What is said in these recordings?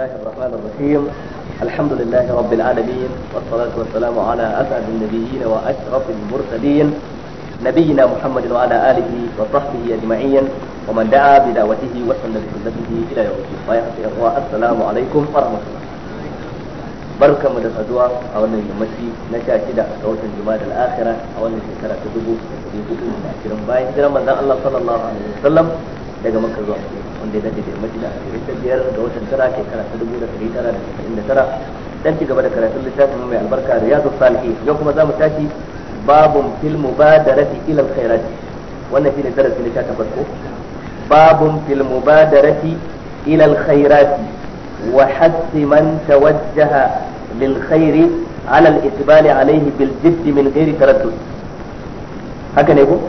الله الرحمن الرحيم الحمد لله رب العالمين والصلاة والسلام على أسعد النبيين وأشرف المرسلين نبينا محمد وعلى آله وصحبه أجمعين ومن دعا بدعوته وسن بسنته إلى يوم الدين والسلام عليكم ورحمة الله barka من da أو a wannan yammaci na sha shida ga watan juma'a al-akhirah a wannan shekara ta الله da hudu da ashirin daga makka zuwa madina wanda ya da madina a cikin biyar ga watan tara ta dubu da ɗari tara da casa'in da tara dan ci gaba da karatun littafin mai albarka riyadu salihin yau kuma za mu tashi babun fil mubadarati ila alkhairat wannan shine darasi na 18 farko babun fil mubadarati ila alkhairat wa hassi man tawajjaha lil khairi ala al-itbali alayhi bil jidd min ghairi taraddud haka ne ko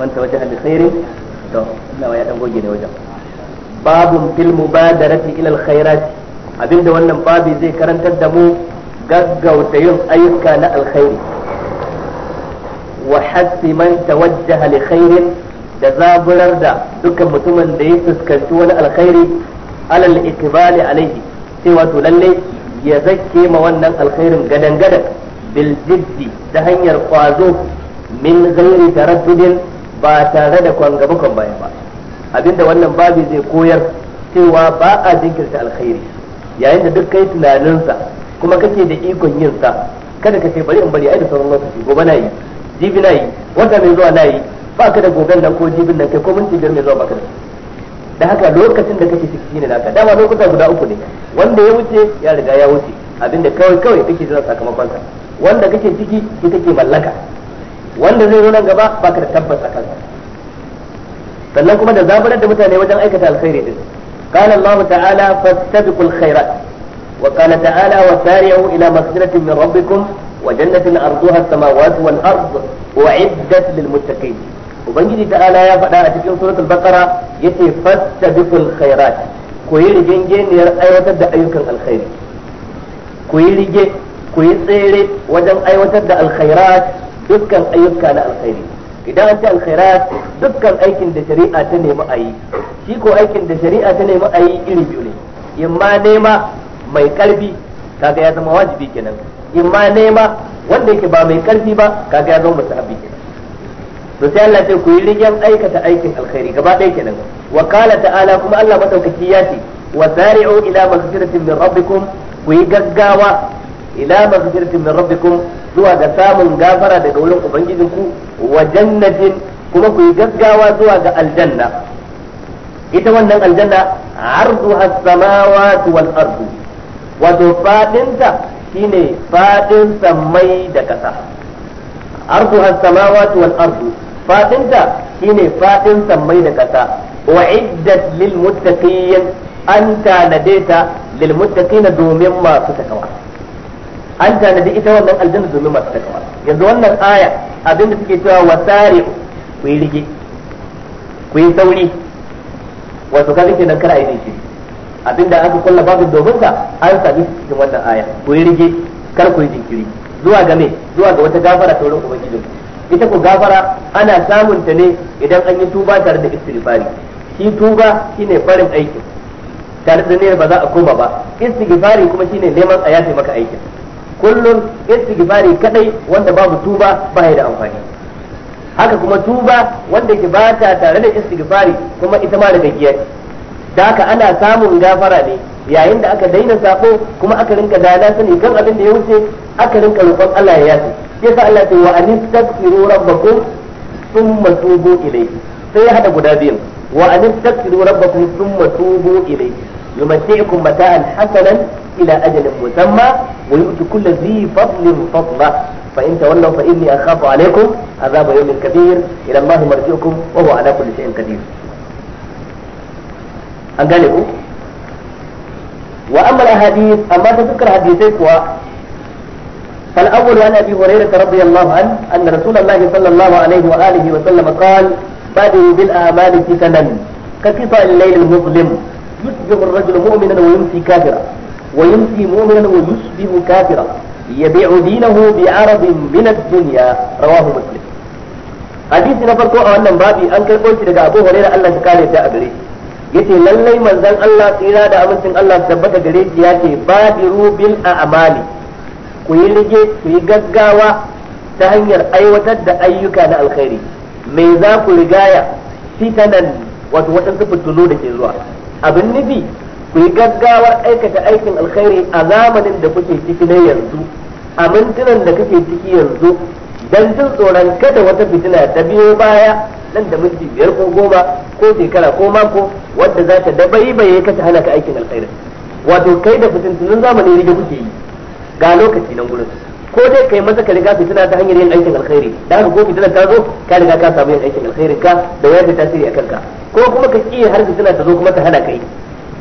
man tawajjaha bi khairin ila al abinda wannan babi zai karantar da mu gaggauta yin ayyuka na alkhairi wa hasbi man tawajjaha da zaburar da dukkan mutumin da ya fuskanci wani alkhairi alal ikbali alaihi sai wato lalle ya zakke ma wannan alkhairin gadan gadan bil jiddi ta hanyar kwazo min ghairi taraddudin ba tare da kwan gaba kwan baya ba abinda wannan babi zai koyar cewa ba a jinkirta alkhairi yayin da duk kai tunaninsa kuma kake da ikon yin sa kada ka ce bari in bari ai da sauran lokaci gobe na yi jibi na yi wata mai zuwa na yi ba ka da gobe nan ko jibin nan kai ko minti biyar mai zuwa ba ka da da haka lokacin da kake ciki shine naka dama lokuta guda uku ne wanda ya wuce ya riga ya wuce abinda kawai kawai kake jiran sakamakon sa wanda kake ciki ki ke mallaka wanda zai zo nan gaba baka da tabbas akan sa sannan kuma da zaburar da mutane wajen aikata alkhairi din قال الله تعالى فاستبقوا الخيرات وقال تعالى وسارعوا إلى مغفرة من ربكم وجنة أرضها السماوات والأرض وعدت للمتقين ubangiji ta'ala ya faɗa a cikin suratul bakara yace fastabiqul khairat ku yi rigengeniyar aiwatar da ayyukan alkhairi ku yi rige ku yi tsere wajen aiwatar da alkhairat dukkan ayyuka na alkhairi idan an ce alkhairat dukkan aikin da shari'a ta nemi a yi shi ko aikin da shari'a ta nemi a yi iri biyu ne in ma nema mai karfi kaga ya zama wajibi kenan in ma nema wanda yake ba mai karfi ba kaga ya zama musahabi kenan to sai Allah ce ku yi rigen aikata aikin alkhairi gaba ɗaya kenan wa qala ta'ala kuma Allah madaukaki ya ce wa zari'u ila maghfiratin min rabbikum ku yi gaggawa ila maghfiratin min rabbikum zuwa ga samun gafara daga wurin ku wa jannatin kuma ku yi gaggawa zuwa ga aljanna ita wannan aljanna arduha samawati wal ardu wato fadinta shine fadin samai da kasa arduha samawati wal ardu shine fadin samai da kasa wa iddat lil muttaqin an tanadeta lil muttaqin domin masu takawa an tanadi ita wannan aljanna domin masu takawa yanzu wannan aya abinda suke cewa wasari'u ku yi rige ku yi sauri wato kaga kenan kar a yi shi abinda aka kulla babu domin ka an sami cikin wannan aya ku yi rige kar ku yi jinkiri zuwa ga me zuwa ga wata gafara ta wurin ubangiji ita ku gafara ana samun ta ne idan an yi tuba tare da istighfari shi tuba shine farin aikin tare da ne ba za a koma ba istighfari kuma shine neman a yafe maka aikin kullum istighfari kadai wanda babu tuba ba da amfani haka kuma tuba wanda ke ba ta tare da istighfari kuma ita ma daga giyar da haka ana samun gafara ne yayin da aka daina sabo kuma aka rinka dana sani kan abin da ya wuce aka rinka roƙon Allah ya yafi yasa Allah ta wa anistaghfiru rabbakum thumma tubu ilayhi sai ya hada guda biyu wa anistaghfiru rabbakum thumma tubu ilayhi yumatti'ukum mata'an hasanan إلى أجل مسمى ويؤتي كل ذي فضل فضلة فإن تولوا فإني أخاف عليكم عذاب يوم كبير إلى الله مرجعكم وهو على كل شيء قدير أنقلكم وأما الأحاديث أما تذكر حديثك و فالأول عن أبي هريرة رضي الله عنه أن رسول الله صلى الله عليه وآله وسلم قال بادئوا بالآمال فتنا كقطع الليل المظلم يصبح الرجل مؤمنا ويمسي كافرا ويمسي مؤمنا ويصبح كافرا يبيع دينه بعرض من الدنيا رواه مسلم hadisi na farko a wannan babi an kai shi daga Abu Hurairah Allah ya kare ta a gare yace lallai manzon Allah tsira da amincin Allah tabbata gare shi yace badiru bil a ku yi rige ku yi gaggawa ta hanyar aiwatar da ayyuka na alkhairi me za ku rigaya fitanan wato waɗansu fitulu da ke zuwa abin nufi ku yi gaggawar aikata aikin alkhairi a zamanin da kuke ciki na yanzu a mintunan da kake ciki yanzu dan jin tsoron kada wata fitina ta biyo baya nan da minti biyar ko goma ko shekara ko mako wadda za ta dabai dabaibaye ka ta hana ka aikin alkhairi wato kai da fitintunin zamani rige kuke yi ga lokaci nan gurin ko dai kai masa ka riga fitina ta hanyar yin aikin alkhairi da haka ko fitina ta zo ka riga ka samu yin aikin alkhairin ka da wayar da tasiri a ka ko kuma ka kiyaye har fitina ta zo kuma ta hana kai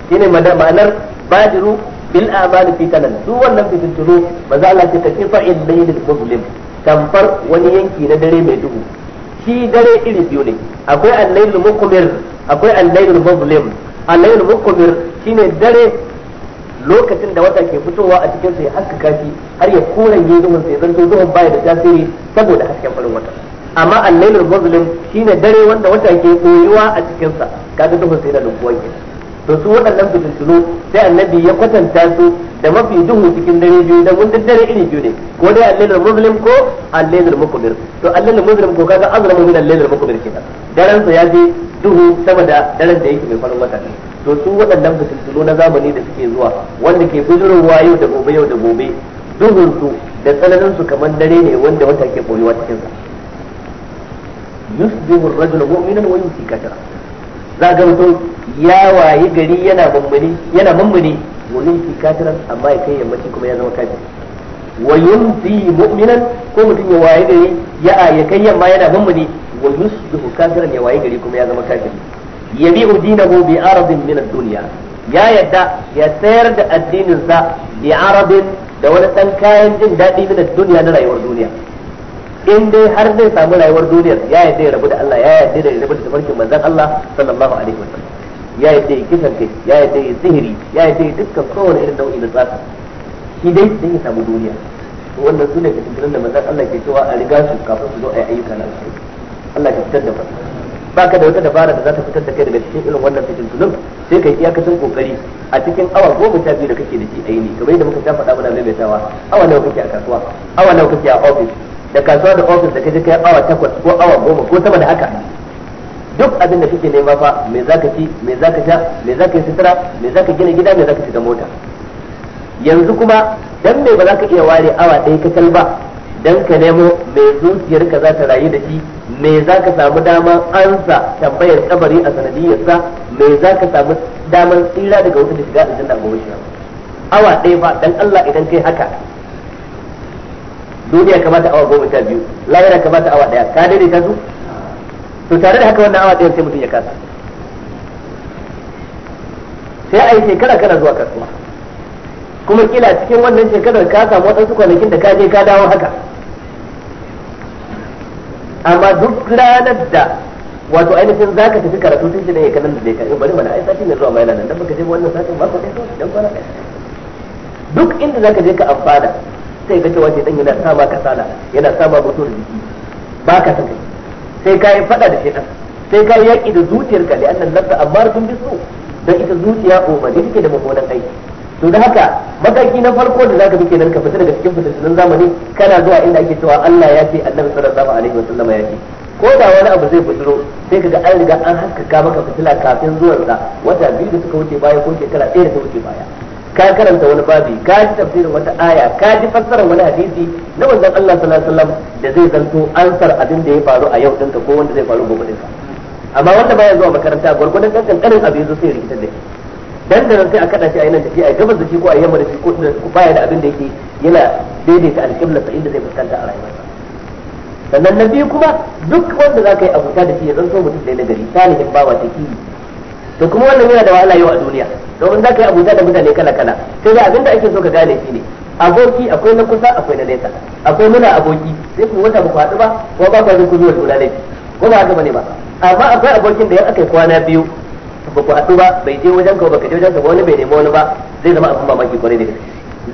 shine ma'anar badiru bil a'mali fi kanan duk wannan fitintunu manzo Allah ce ka kifa in laylil muslim tamfar wani yanki na dare mai duhu shi dare iri biyu ne akwai al-laylul mukmir akwai al-laylul muslim al mukmir shine dare lokacin da wata ke fitowa a cikin sai ya haskaka har ya koranye duhun sai zanto duhun baya da tasiri saboda hasken farin wata amma al-laylul muslim shine dare wanda wata ke koyuwa a cikin sa kaga duhun sai da lokuwa kenan to su waɗannan fitintunu sai annabi ya kwatanta su da mafi duhu cikin dare biyu da mun dare iri biyu ne ko dai allailul muslim ko allailul mukbir to allailul muslim ko kaga azlamu min allailul mukbir kenan daren sa ya je duhu sama da daren da yake mai farin wata to su waɗannan fitintunu na zamani da suke zuwa wanda ke bujurowa yau da gobe yau da gobe duhun su da tsananin su kamar dare ne wanda wata ke koyuwa cikin sa yusbihu ar-rajulu mu'minan wa yumsi kafira za ga mutum ya wayi gari yana mummuni yana mummuni wa yumsi kafiran amma ya kai yammaci kuma ya zama kafiri wa yumsi mu'minan ko mutum ya wayi gari ya ya kai yamma yana mummuni wa yusbihu kafiran ya wayi gari kuma ya zama kafiri yabi'u dinahu bi aradin min ad-dunya ya yadda ya sayar da addininsa bi aradin da wani dan kayan jin daɗi min ad-dunya na rayuwar duniya in dai har zai samu rayuwar duniyar ya yadda ya rabu da Allah ya yadda ya rabu da tafarkin manzon Allah sallallahu alaihi wasallam ya yadda ya kisan kai ya yadda ya zihiri ya yadda ya dukkan kowane irin nau'i na tsaka shi dai sai ya samu duniya wannan su ne kasantarin da manzon Allah ke cewa a riga su kafin su zo a yi ayyuka na alkhairi Allah ka fitar da ba baka da wata dabara da za ta fitar da kai daga cikin irin wannan fitintunun sai kai iyakacin kokari a cikin awa goma sha biyu da kake da shi aini kamar yadda muka ta faɗa muna maimaitawa awa nawa kake a kasuwa awa nawa kake a office da kasuwa da ofis da kaje kai awa takwas ko awa goma ko sama da haka duk abin da kake nema fa me zaka ci me zaka sha me zaka yi sutura me zaka gina gida me zaka shiga mota yanzu kuma dan me ba za ka iya ware awa ɗaya kacal ba dan ka nemo me zuciyar ka za ta rayu da shi me za ka samu daman ansa tambayar kabari a sanadiyarsa me za ka samu daman tsira daga wuta da shiga aljanna gobe shi awa ɗaya ba dan Allah idan kai haka duniya kamata awa goma sha biyu lahira kamata awa daya ka daidaita su to tare da haka wannan awa ɗayan sai mutum ya kasa sai a yi shekara kana zuwa kasuwa kuma kila cikin wannan shekarar ka samu waɗansu kwanakin da ka je ka dawo haka amma duk ranar da wato ainihin za ka tafi karatu tun shi da ya kanan da zai kai eh, bari mana ai sati ne zuwa mai nan dan baka je wannan satin ba ko dai to dan kwana duk inda za ka je ka amfana sai ga cewa shaitan yana sama kasala yana sama da jiki ba ka san kai sai ka yi fada da shaitan sai ka yi yaki da zuciyarka da annan nafsa amma sun bi su da ita zuciya umarni take da mabodan aiki to da haka mataki na farko da zaka bi kenan ka fita daga cikin fitattunan zamani kana zuwa inda ake cewa Allah ya ce Annabi sallallahu alaihi wasallam ya ce ko da wani abu zai fitiro sai kaga an riga an haskaka maka fitila kafin zuwan sa wata biyu da suka wuce baya ko shekara ɗaya da ta wuce baya ka karanta wani babi ka ji tafsirin wata aya ka ji fassarar wani hadisi na wannan Allah sallallahu alaihi wasallam da zai zanto ansar abin da ya faru a yau dinka ko wanda zai faru gobe dinka amma wanda baya zuwa makaranta gurgurdan kankan kanin abin zo sai rikitar da shi dan da sai a kada shi a yanan tafi a gabas da shi ko a yamma da shi ko baya da abin da yake yana daidaita alƙibla sa inda zai fuskanta a rayuwarsa sannan na biyu kuma duk wanda za ka yi abuta da shi ya zanto mutum da na gari salihin bawa ta yi. to kuma wannan yana da wahala yau a duniya domin za ka yi abuta da mutane kala kala sai da abinda ake so ka gane shi ne aboki akwai na kusa akwai na nesa akwai muna aboki sai kuma wata ba ku haɗu ba ko ba ku ku zuwa juna laifi ko ba haka bane ba amma akwai abokin da ya aka kwana biyu ba ku haɗu ba bai je wajen ka ba ka je wajen ka ba wani bai nemi wani ba zai zama abin mamaki kwarai da gaske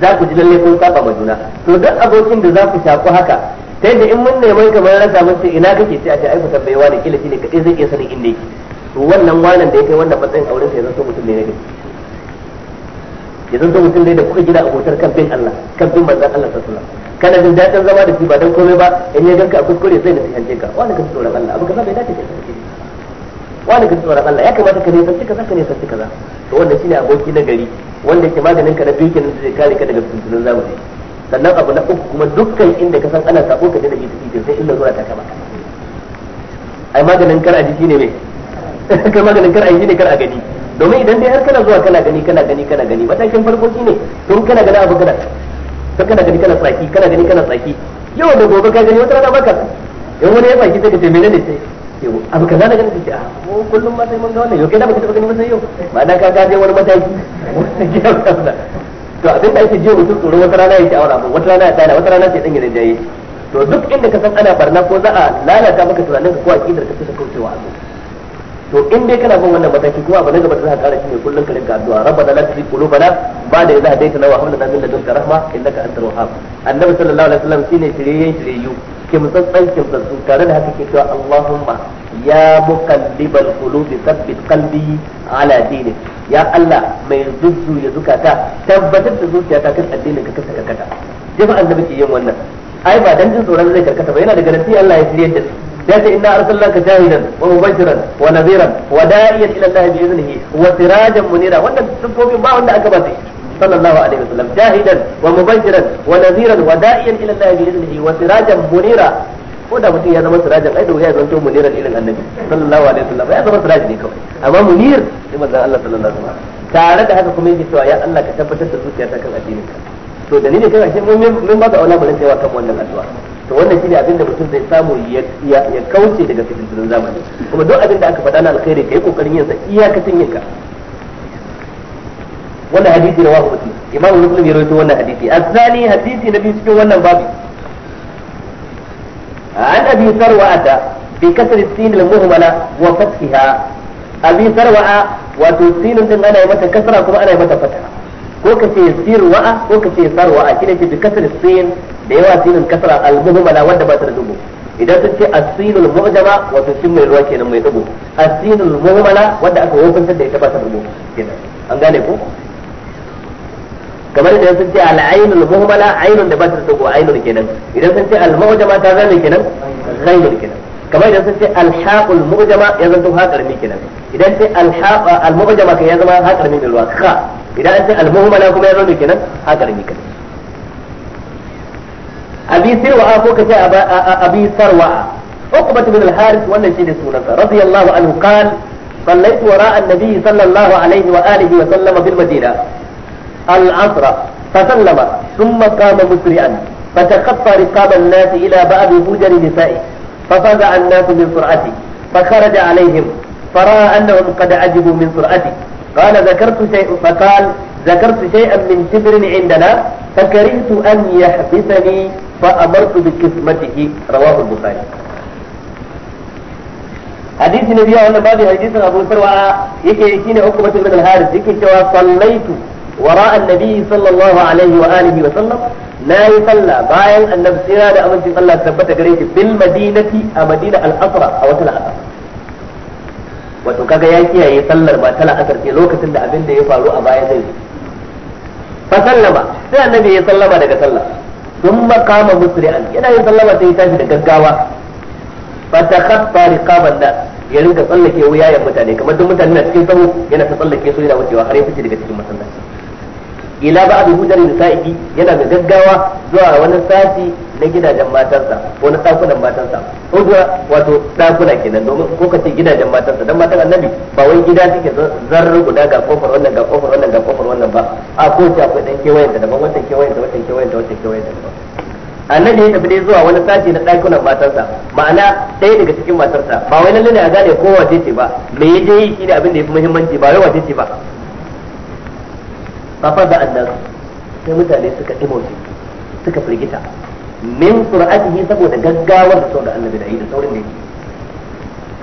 za ku ji lalle kun saba ma juna to duk abokin da za ku shaku haka ta yadda in mun neman kamar rasa mun ina kake sai a ce aiki ku da kila kila ne kadai zai iya sanin inda yake to wannan wanan da ya kai wannan matsayin auren sa ya zanto mutum ne na gaske ya zanto mutum ne da kuka gida a hotar kan bin Allah kan bin manzon Allah sallallahu alaihi wasallam kana jin dadin zama da shi ba dan komai ba in ya ganka a kuskure sai da shi hanje ka wani ka tsoron Allah abu kaza bai dace da shi wani ka tsoron Allah ya kamata ka ne sanci kaza ka ne sanci kaza to wanda shine aboki na gari wanda ke maganin ka na dukin da zai kare ka daga tuntunan zamani sannan abu na uku kuma dukkan inda ka san ana sabo ka da ita sai illa zuwa ta kama ai maganin kar a jiki ne mai kai maganin kar a yi ne kar a gani domin idan dai har kana zuwa kana gani kana gani kana gani matakin farko shine tun kana gani abu kana ka kana gani kana tsaki kana gani kana tsaki yau da gobe ka gani wata rana baka in wani ya tsaki sai ka ce menene sai abu kaza na gani sai a ah, mu kullum ma sai mun ga wannan yau kai da baka taba gani ba sai yau dan ka gaje wani mataki to abin da ake jiya mutum tsoro wata rana ya sha'awar ba wata rana ya tsaya wata rana sai dan ya jaye to duk inda ka san ana barna ko za a lalata maka tunanin ka ko aqidar ka sai ka kaucewa abu to in dai kana bin wannan mataki kuma abu na gaba da za ka kara shine kullun ka rinka addu'a bana ba da qulubana haɗe ta nawa wa hab lana min ladunka rahma innaka antar wahhab annabi sallallahu alaihi wasallam shine kim tsantsan kim kimtsatsu tare da haka ke cewa allahumma ya muqallibal qulubi thabbit qalbi ala dinik ya allah mai zuzzu ya zukata tabbatar da zuciyata kan addinin ka kasa kakata jama'an annabi ke yin wannan ai ba dan jin tsoron zai karkata ba yana da garanti Allah ya shirye da yace inna arsalnaka shahidan wa mubashiran wa nadhiran wa da'iyan ila Allah bi idnihi wa sirajan munira wanda sifofin ba wanda aka ba sai sallallahu alaihi wasallam shahidan wa mubashiran wa nadhiran wa da'iyan ila Allah bi idnihi wa sirajan munira ko da mutum ya zama sirajan ai da ya zama muniran irin annabi sallallahu alaihi wasallam ya zama siraj ne kawai amma munir sai manzon Allah sallallahu alaihi wasallam tare da haka kuma yake cewa ya Allah ka tabbatar da zuciyata kan addinin ka to dalilin kan ashe mun mun ba ka aula bari sai wa kan wannan addu'a to wannan shine abin da mutum zai samu ya kauce daga fitintunan zamani kuma duk abin da aka faɗa na alkhairi kai kokarin yin sa iyakacin yin ka wannan hadisi da wahu muslim imam muslim ya rawaito wannan hadisi azani hadisi na biyu cikin wannan babu an abi sarwa'ata bi kasr sin al muhmala wa fathiha abi sarwa'a wato sinin din ana yi mata kasra kuma ana yi mata fataha ko kace sirwa'a ko kace sarwa'a kine ce bi kasr sin da yawa sinin kasra al-muhmala wanda ba ta da dubu idan sun ce asinul mu'jama wato sun mai ruwa kenan mai dubu asinul muhmala wanda aka wofantar da ita ba ta dubu kenan an gane ko kamar idan sun ce al-ainul muhmala ainun da ba ta da dubu ainun kenan idan sun ce al-mu'jama ta zame kenan ghaibul kenan kamar idan sun ce al-haqul mu'jama ya zanto ha karmi kenan idan sai al-haqa al-mu'jama kan ya zama ha karmi da ruwa ka idan an ce al-muhmala kuma ya zama kenan ha karmi kenan abi sirwa ko kace abi sarwa عقبة بن الحارث والنجين سنة رضي الله عنه قال صليت وراء النبي صلى الله عليه وآله وسلم في المدينة العصر فسلم ثم قام مسرعا فتخطى رقاب الناس إلى بعض مجر نسائه ففزع الناس من سرعته فخرج عليهم فرأى أنهم قد عجبوا من سرعته قال ذكرت شيء فقال ذكرت شيئا من شبر عندنا فكرهت أن يحبسني فأمرت بقسمته رواه البخاري حديث النبي وانا بابي حديث ابو سروى يكي شيني عقبة بن الحارث يكي شوى صليت وراء النبي صلى الله عليه وآله وسلم لا يصلى باين أن نبصيرا دا أمن الله ثبت قريش بالمدينة المدينة الأسرى أو تلا أسرى wato kaga ya kiyaye sallar ba tala asar ce lokacin da abin da ya faru a baya zai fa sallama sai annabi ya sallama daga sallah sun makama musri'an yana yin sallama sai ya tashi da gaggawa fa ta kafa riqaban da ya rinka tsallake ya mutane kamar duk mutane na cikin sahu yana ta tsallake su yana wucewa har ya fice daga cikin masallaci ila ba abu hudar nisa'i yana da gaggawa zuwa wani sati na gidajen matarsa ko na dakunan matarsa ko zuwa wato dakuna kenan domin ko ka ce gidajen matarsa dan matan annabi ba wai gida take zarar guda ga kofar wannan ga kofar wannan ga kofar wannan ba a ko ce akwai dan kewayen da daban wancan kewayen da wancan kewayen da wancan kewayen da annabi ya tafi dai zuwa wani sati na dakunan matarsa ma'ana ɗaya daga cikin matarsa ba wai lalle ne a gane ko wace ce ba me ya yi shi ne abin da ya fi muhimmanci ba wai wace ce ba fafa da annan sai mutane suka dimoji suka firgita min sur'atihi saboda gaggawar da saboda annabi da yi da saurin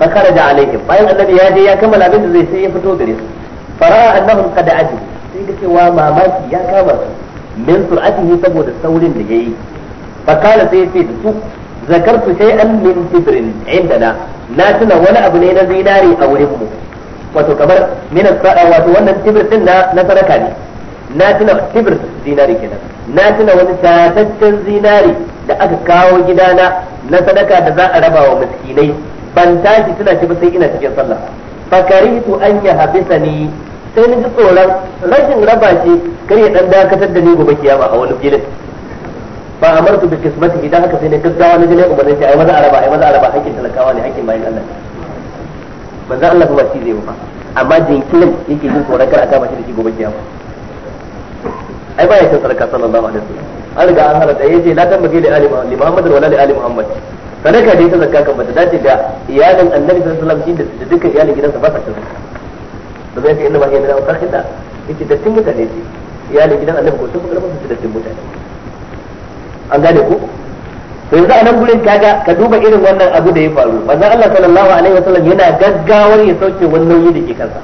da yake fa da alaihim bayan annabi ya je ya kammala abin da zai sai ya fito gare su fara'a annahum qad aji sai ga cewa mamaki ya kama su min sur'atihi saboda saurin da yayi fa kana sai sai ce da su zakartu shay'an min tibrin indana na tuna wani abu ne na zinari a wurin mu wato kamar min wato wannan tibir din na na saraka ne na tuna tibir zinari kenan na tuna wani tataccen zinari da aka kawo gidana na sadaka da za a raba wa miskinai ban tashi tuna shi ba sai ina cikin sallah fakaritu an ya habisa ni sai ni ji tsoron rashin raba shi kar ya dan dakatar da ni gobe kiyama a wani filin ba amartu bi qismati idan haka sai ne gaggawa na jale umarni sai ai maza a araba ai maza a araba hakkin talakawa ne hakkin bayin Allah manzo Allah ba shi zai ba amma jinkirin yake jin tsoron kar a kama shi da shi gobe kiyama ai baya cin sadaka sallallahu alaihi wasallam an riga an da yace la tambaye li ali Muhammad wala li ali Muhammad sadaka dai ta zakka kan bata dace da iyalin annabi sallallahu alaihi wasallam shi da dukkan iyalin gidansa ba sa cin da zai kai inda ba yana da khida yace da tinga mutane ce iyalin gidan annabi ko sun fi karfin su da tinga mutane an gane ku? to yanzu a nan gurin kaga ka duba irin wannan abu da ya faru manzon Allah sallallahu alaihi wasallam yana gaggawar ya sauke wannan yi da ke kansa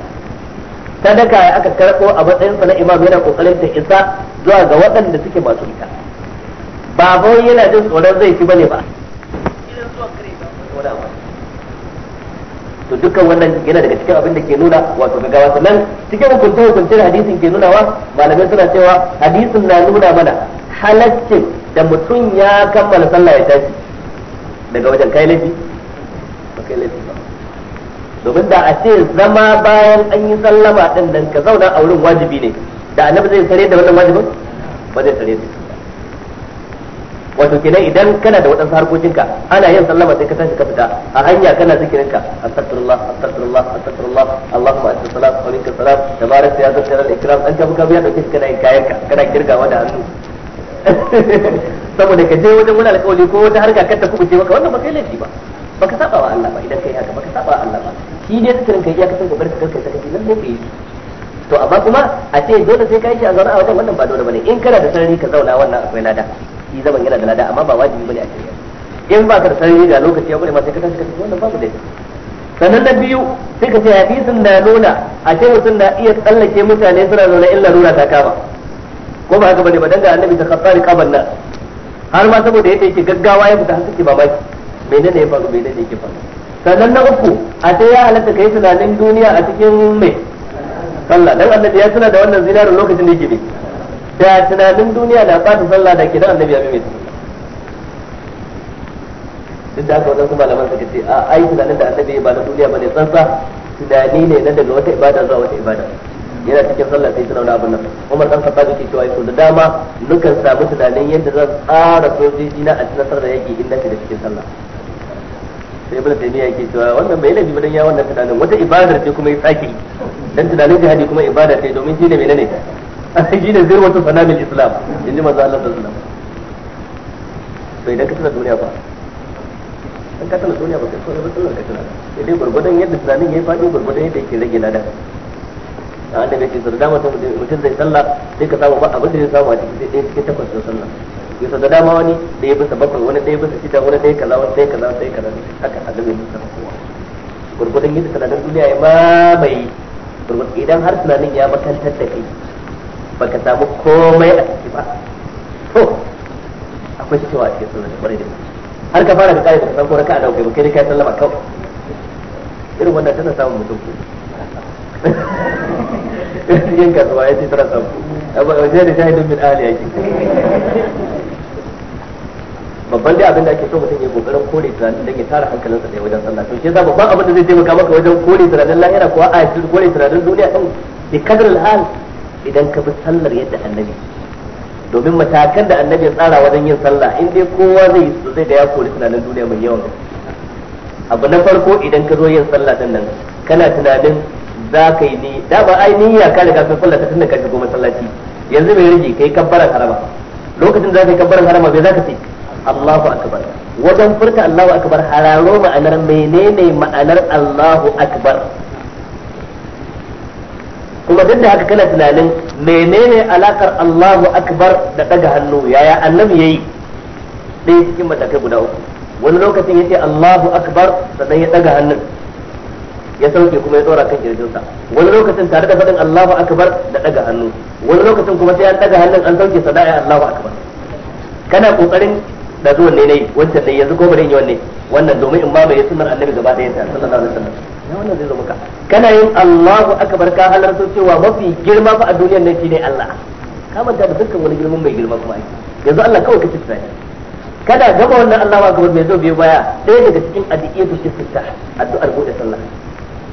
sadaka ya aka karɓo a matsayin sa na imam yana kokarin ta isa zuwa ga waɗanda suke masu ita ba yana jin tsoron zai fi bane ba to dukkan wannan yana daga cikin abin da ke nuna wato gawa sannan cikin hukunce hukunce da hadisin ke nuna wa malamai suna cewa hadisin na nuna mana halaccin da mutum ya kammala sallah ya tashi daga wajen kai laifi ba kai laifi domin da a ce zama bayan an yi sallama din nan ka zauna a wurin wajibi ne da annabi zai sare da wannan wajibin ba zai sare wato kenan idan kana da harkokin harkokinka ana yin sallama sai ka tashi ka fita a hanya kana zikirinka astaghfirullah astaghfirullah astaghfirullah allahumma anta salatu wa minka salam tabarak ya zal jalal ikram an tabuka biya dauke kana kayan kayanka kana girgawa da hannu saboda ka je wajen wani alƙawari ko wata harka ka ta kubuce maka wannan ba kai laifi ba baka saba wa Allah ba idan kai haka baka saba wa Allah ba shi ne zikirin kai iyakacin gobar ka kai nan ne kai to amma kuma a ce dole sai kai shi a zauna a wajen wannan ba dole bane in kana da sarari ka zauna wannan akwai lada shi zaman yana da lada amma ba wajibi bane a ce in ba ka da sarari da lokaci ya gure ma sai ka tashi ka tafi wannan babu dai sannan na biyu sai ka ce hadisin na nuna a ce mutum na iya tsallake mutane suna zaune in larura ta kama ko ba haka bane ba dan da annabi ta khattari qaban har ma saboda yadda yake gaggawa ya fita har suke mamaki menene ya faru menene yake faru sannan na uku a sai ya halatta kai tunanin duniya a cikin mai sallah dan annabi ya tuna da wannan zinarin lokacin da yake ne da tunanin duniya da fata sallah da kidan annabi ya mai duk da haka kuma malaman suka ce a ai tunanin da annabi ba na duniya bane tsantsa tunani ne na daga wata ibada zuwa wata ibada yana cikin sallah sai tunawa abin nan Umar dan Khattab yake cewa yaso da dama nukan samu tunanin yadda zan tsara sojoji na a cikin sallah yake inda da cikin sallah sai bala taymiya yake cewa wannan bai laifi ba dan ya wannan tunanin wata ibadar ce kuma ya sake dan tunanin jihadi kuma ibada ce domin shi ne mai nane menene shi ne zirwatu sanamil islam in ji manzo Allah sallallahu alaihi wasallam bai idan ka tuna duniya ba in ka tana duniya ba kai so ne ba tana ka tana sai dai gurgudan yadda tunanin yayi fadi gurgudan yadda yake rage ladan a annabi ya ce da dama mutum zai sallah sai ka samu ba abin da zai samu a cikin sai ɗaya cikin takwas da sallah yasa da dama wani da ya bisa bakwai wani ɗaya bisa shida wani ɗaya kaza wani ɗaya kaza wani ɗaya kaza haka annabi musa kowa gurgurdan yadda tunanin duniya ya mamaye gurgurdan idan har tunanin ya makantar da kai baka samu komai a ciki ba to akwai shi cewa a cikin da kwarai da har ka fara ka kare da san ko raka a kai ba kai ne ka sallama kawai irin wannan tana samun mutum ko yin kasuwa ya ce tana samu amma wajen da shahidin min ahli yake babban dai abin da ake so mutum ya kokarin kore tunanin dan ya tara hankalinsa da wajen sallah to shi yasa babban abin da zai taimaka maka wajen kore tunanin lahira ko a cikin kore tunanin duniya din bi kadar al'al idan ka bi sallar yadda annabi domin matakan da annabi ya tsara wajen yin sallah in dai kowa zai yi sosai da ya kore tunanin duniya mai yawan abu na farko idan ka zo yin sallah din nan kana tunanin za ka yi ni da ba ai niyya ka riga ka sallah ta tunda ka shigo masallaci yanzu mai rage kai kabbara harama lokacin da ka yi kabbara harama bai za ka ce Allahu akbar wajen furta Allahu akbar hararo ma'anar menene ma'anar Allahu akbar kuma duk da haka kana tunanin menene alakar Allahu akbar da daga hannu yaya annabi yayi ɗaya cikin matakai guda uku wani lokacin yace Allahu akbar sannan ya daga hannun ya sauke kuma ya tsora kan kirjinsa wani lokacin tare da faɗin Allahu akbar da daga hannu wani lokacin kuma sai an daga hannun an sauke sada'a Allahu akbar kana kokarin da zuwan ne nayi wancan ne yanzu ko ne yi wanne wannan domin in mamaye sunan annabi gaba da ta sallallahu alaihi wasallam ya wannan zai zo maka kana yin Allahu akbar ka halar halarta cewa mafi girma fa a duniyar nan shine Allah ka manta da dukkan wani girman mai girma kuma yanzu Allah kawai kace tsaya kada gaba wannan Allah ba gaba mai zo biyo baya ɗaya daga cikin adiyatu istiftah addu'ar bude sallah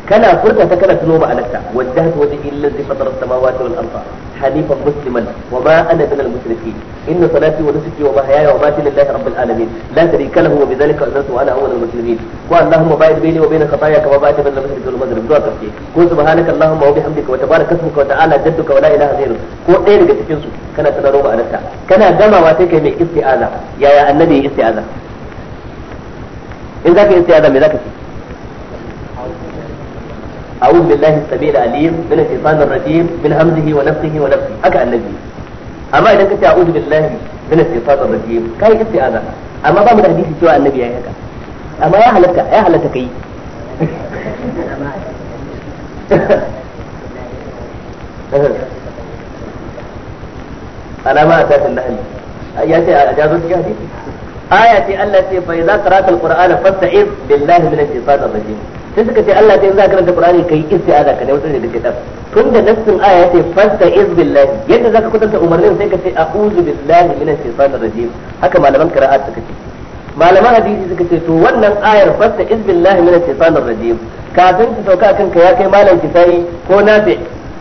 كلا فرقة كلا تنوم على التا وجهت وجهي الذي فطر السماوات والأرض حنيفا مسلما وما أنا من المشركين إن صلاتي ونسكي ومحياي وماتي لله رب العالمين لا شريك له وبذلك أمرت وأنا أول المسلمين اللهم باعد بيني وبين خطايا كما باعد بين المشرك والمغرب دعاء تركي قل سبحانك اللهم وبحمدك وتبارك اسمك وتعالى جدك ولا إله غيرك قل أين قد تكنسو كلا تنوم على التا كلا دمى واتيك من استئاذة يا يا النبي استئاذة إن ذاك استئاذة من ذاك استئاذة أعوذ بالله السميع العليم من الشيطان الرجيم من همزه ونفسه ونفسه هكا النبي أما إذا كنت أعوذ بالله من الشيطان الرجيم كاي استعاذة أما بعض الحديث سوى النبي يعني هكا أما يا هلك يا هلك كي أنا ما أتاك النهل أياتي أجازت جهدي آية التي فإذا قرأت القرآن فاستعذ بالله من الشيطان الرجيم sai suka ce Allah sai za ka karanta Qur'ani kai isti'aza ka wata ne da kitab tun da nassin aya ce fasta iz billahi yadda zaka kwatanta umarnin sai ka ce a'udhu billahi minash shaitanir rajim haka malaman qira'at suka ce malaman hadisi suka ce to wannan ayar fasta iz billahi minash shaitanir rajim kafin ki sauka akan ka ya kai malam kisai ko nafi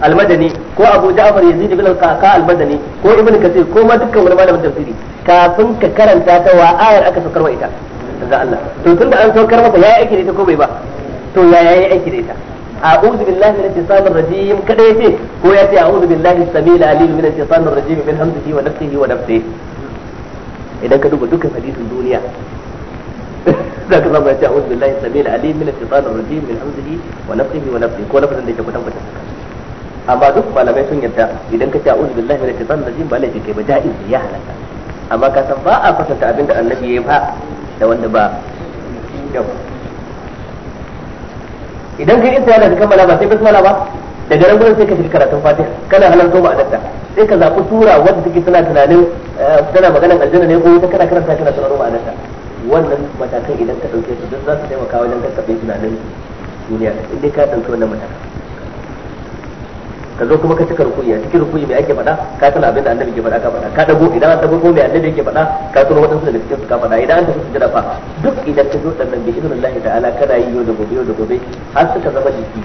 almadani ko abu ja'far yazid ibn al-qaqa almadani ko ibn kasir ko ma dukkan wani malamin tafsiri kafin ka karanta ta wa ayar aka saukar wa ita da Allah to tunda an saukar maka ya aiki ne ta ko bai ba to ya ya aiki da ita a'udhu billahi minash shaitanir rajim kada yace ko yace a'udhu billahi samil alim minash shaitanir rajim min hamzihi wa nafsihi wa nafsihi idan ka duba dukkan hadisin duniya za ka zama yace a'udhu billahi samil alim minash shaitanir rajim min hamzihi wa nafsihi wa nafsihi ko lafazin da yake kudan kudan amma duk malamai sun yarda idan ka ce a'udhu billahi minash shaitanir rajim ba laifi kai ba ja'iz ya halaka amma ka san ba a kwatanta abinda annabi yayi ba da wanda ba idan kai isa da kammala ba sai basmala ba daga nan gurin sai ka shiga karatun fatiha kana a ma'anarta sai ka zaɓi tura wadda take tana tunanin eh, tana maganar aljanna ne ko wuta kana karanta kana tunanin ma'anarta wannan matakan idan ka ɗauke su duk za su taimaka wajen kakkaɓe tunanin duniya in dai ka ɗauki wannan matakan ka zo kuma ka cika rukuni a cikin rukuni mai ake faɗa ka tuna abin da annabi ke faɗa ka faɗa ka dago idan an dago ko mai annabi ke faɗa ka tuna waɗansu daga cikin su ka faɗa idan an tafi su jira fa duk idan ka zo dan bi izinin lahi ta'ala kana yi yau da gobe yau da gobe har suka zama jiki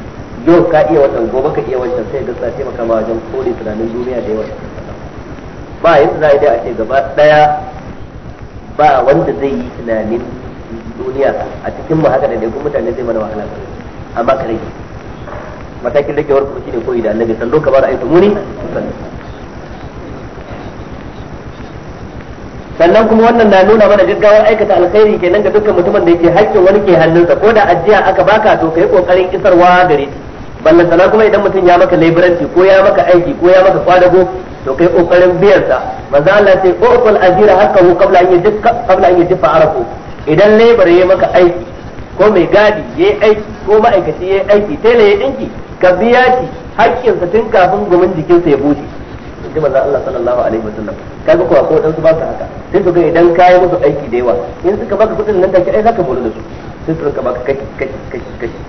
yau ka iya wannan gobe ka iya wancan sai ga tsace maka ma wajen kore tunanin duniya da yawa ba yadda za a yi dai a ce gaba daya ba wanda zai yi tunanin duniya a cikin mu haka da dai kuma mutane zai mana wahala amma ka rage matakin da ke warku ne koyi da annabi sallo ka bar aiki muni sannan kuma wannan na nuna mana gaggawar aikata alkhairi kenan ga dukkan mutumin da yake haƙƙin wani ke hannunsa ko da ajiya aka baka to kai kokarin isarwa gare shi ballan sana kuma idan mutum ya maka laibiranci ko ya maka aiki ko ya maka kwadago to kai kokarin biyan sa manzo Allah sai uqul ajira haqqahu qabla an yadfa qabla an yadfa arafu idan laibar ya maka aiki ko mai gadi ya aiki ko ma'aikaci ya aiki tele ya dinki ka biya shi haƙƙinsa tun kafin gumin jikinsa ya bushe ji manzo Allah sallallahu alaihi wasallam kaga kuwa ko dan su ba su haka sai su ga idan kai musu aiki da yawa in suka baka kudin nan take ai zaka bolo da su sai su rinka baka kashi kashi kashi kashi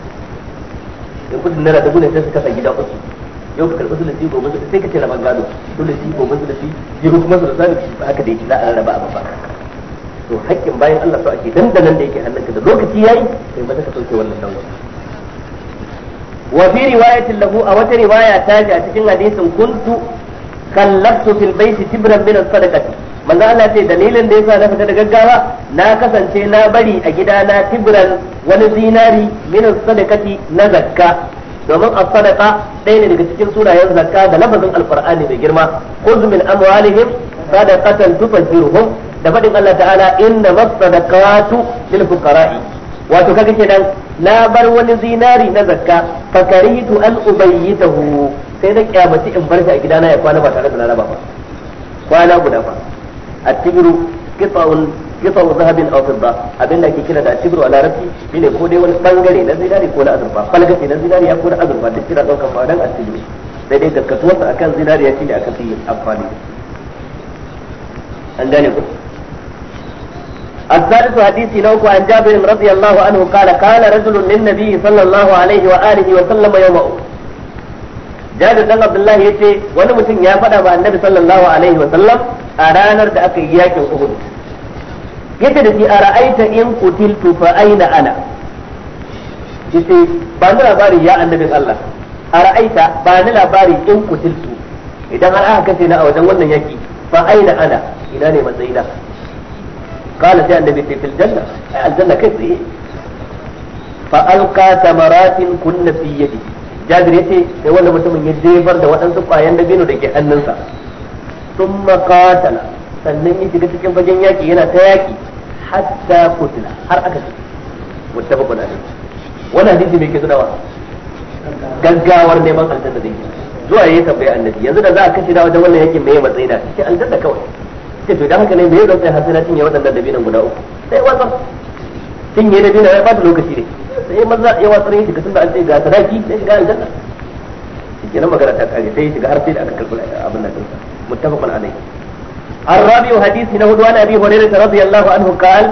in kudin nan da ne sai su kasa gida uku yau ka karɓi sulusi gobe su sai ka ce raban gado sulusi gobe sulusi jibi kuma su ba haka da yake za a raba a ba to haƙƙin bayan Allah su ake dandanan da yake hannunka da lokaci yayi sai maza ka sauke wannan dangon wa fi riwayatin a wata riwaya ta ji a cikin hadisin kuntu kallabtu fil baiti tibran min sadaqati manzo Allah ce dalilin da yasa na fita da gaggawa na kasance na bari a gida na tibran wani zinari min sadaqati na zakka domin a sadaqa ɗaya ne daga cikin sunayen zakka da lafazin alqur'ani mai girma khudh min amwalihim sadaqatan tufajjiruhum da faɗin Allah ta'ala inna masadaqatu lil fuqara'i wato kaga kenan na bar wani zinari na zakka fa karitu an ubayyitahu sai na kyamaci in bar shi a gidana ya kwana ba tare da laraba ba kwana guda ba at-tibru qita'un qita'u zahabin aw fidda abin da ake kira da at-tibru a larabci shine ko dai wani bangare na zinari ko na azurfa falgace na zinari ya ko na azurfa duk kira daukar fadan at-tibru sai dai gaskatuwarsa akan zinari ya shine aka fi amfani an gane ku الثالث حديث لوك عن جابر رضي الله عنه قال قال رجل للنبي صلى الله عليه وآله وسلم يوم أحد Jabir dan Abdullah ya ce wani mutum ya faɗa wa Annabi sallallahu alaihi wa sallam a ranar da aka yi yakin Uhud yace da shi ara'aita in qutiltu fa aina ana yace ba ni labari ya annabin Allah ara'aita ba ni labari in qutiltu idan har aka kace na a wajen wannan yaki fa aina ana ina ne matsayina qala sai annabi sai fil janna ai aljanna kai tsaye fa alqa tamaratin kunna fi yadi jabir yace sai wannan mutumin ya jefar da waɗansu ƙwayan dabino da ke hannunsa thumma qatala sannan ya shiga cikin fagen yaki yana ta yaki hatta kutila har aka ke gaggawar neman aljanna da zuwa yayi tambaya annabi yanzu da za a kashe da wajen wannan yakin me matsayi da cikin aljanna kawai sai to da haka ne bai zan har sai na cinye dabi nan guda uku sai ya bata lokaci ne sai ya shiga tunda an ce ga sadaki sai shiga aljanna magana ta kare sai har sai da aka kalkula abin muttafaqun alayhi الرابع حديث له عن ابي هريره رضي الله عنه قال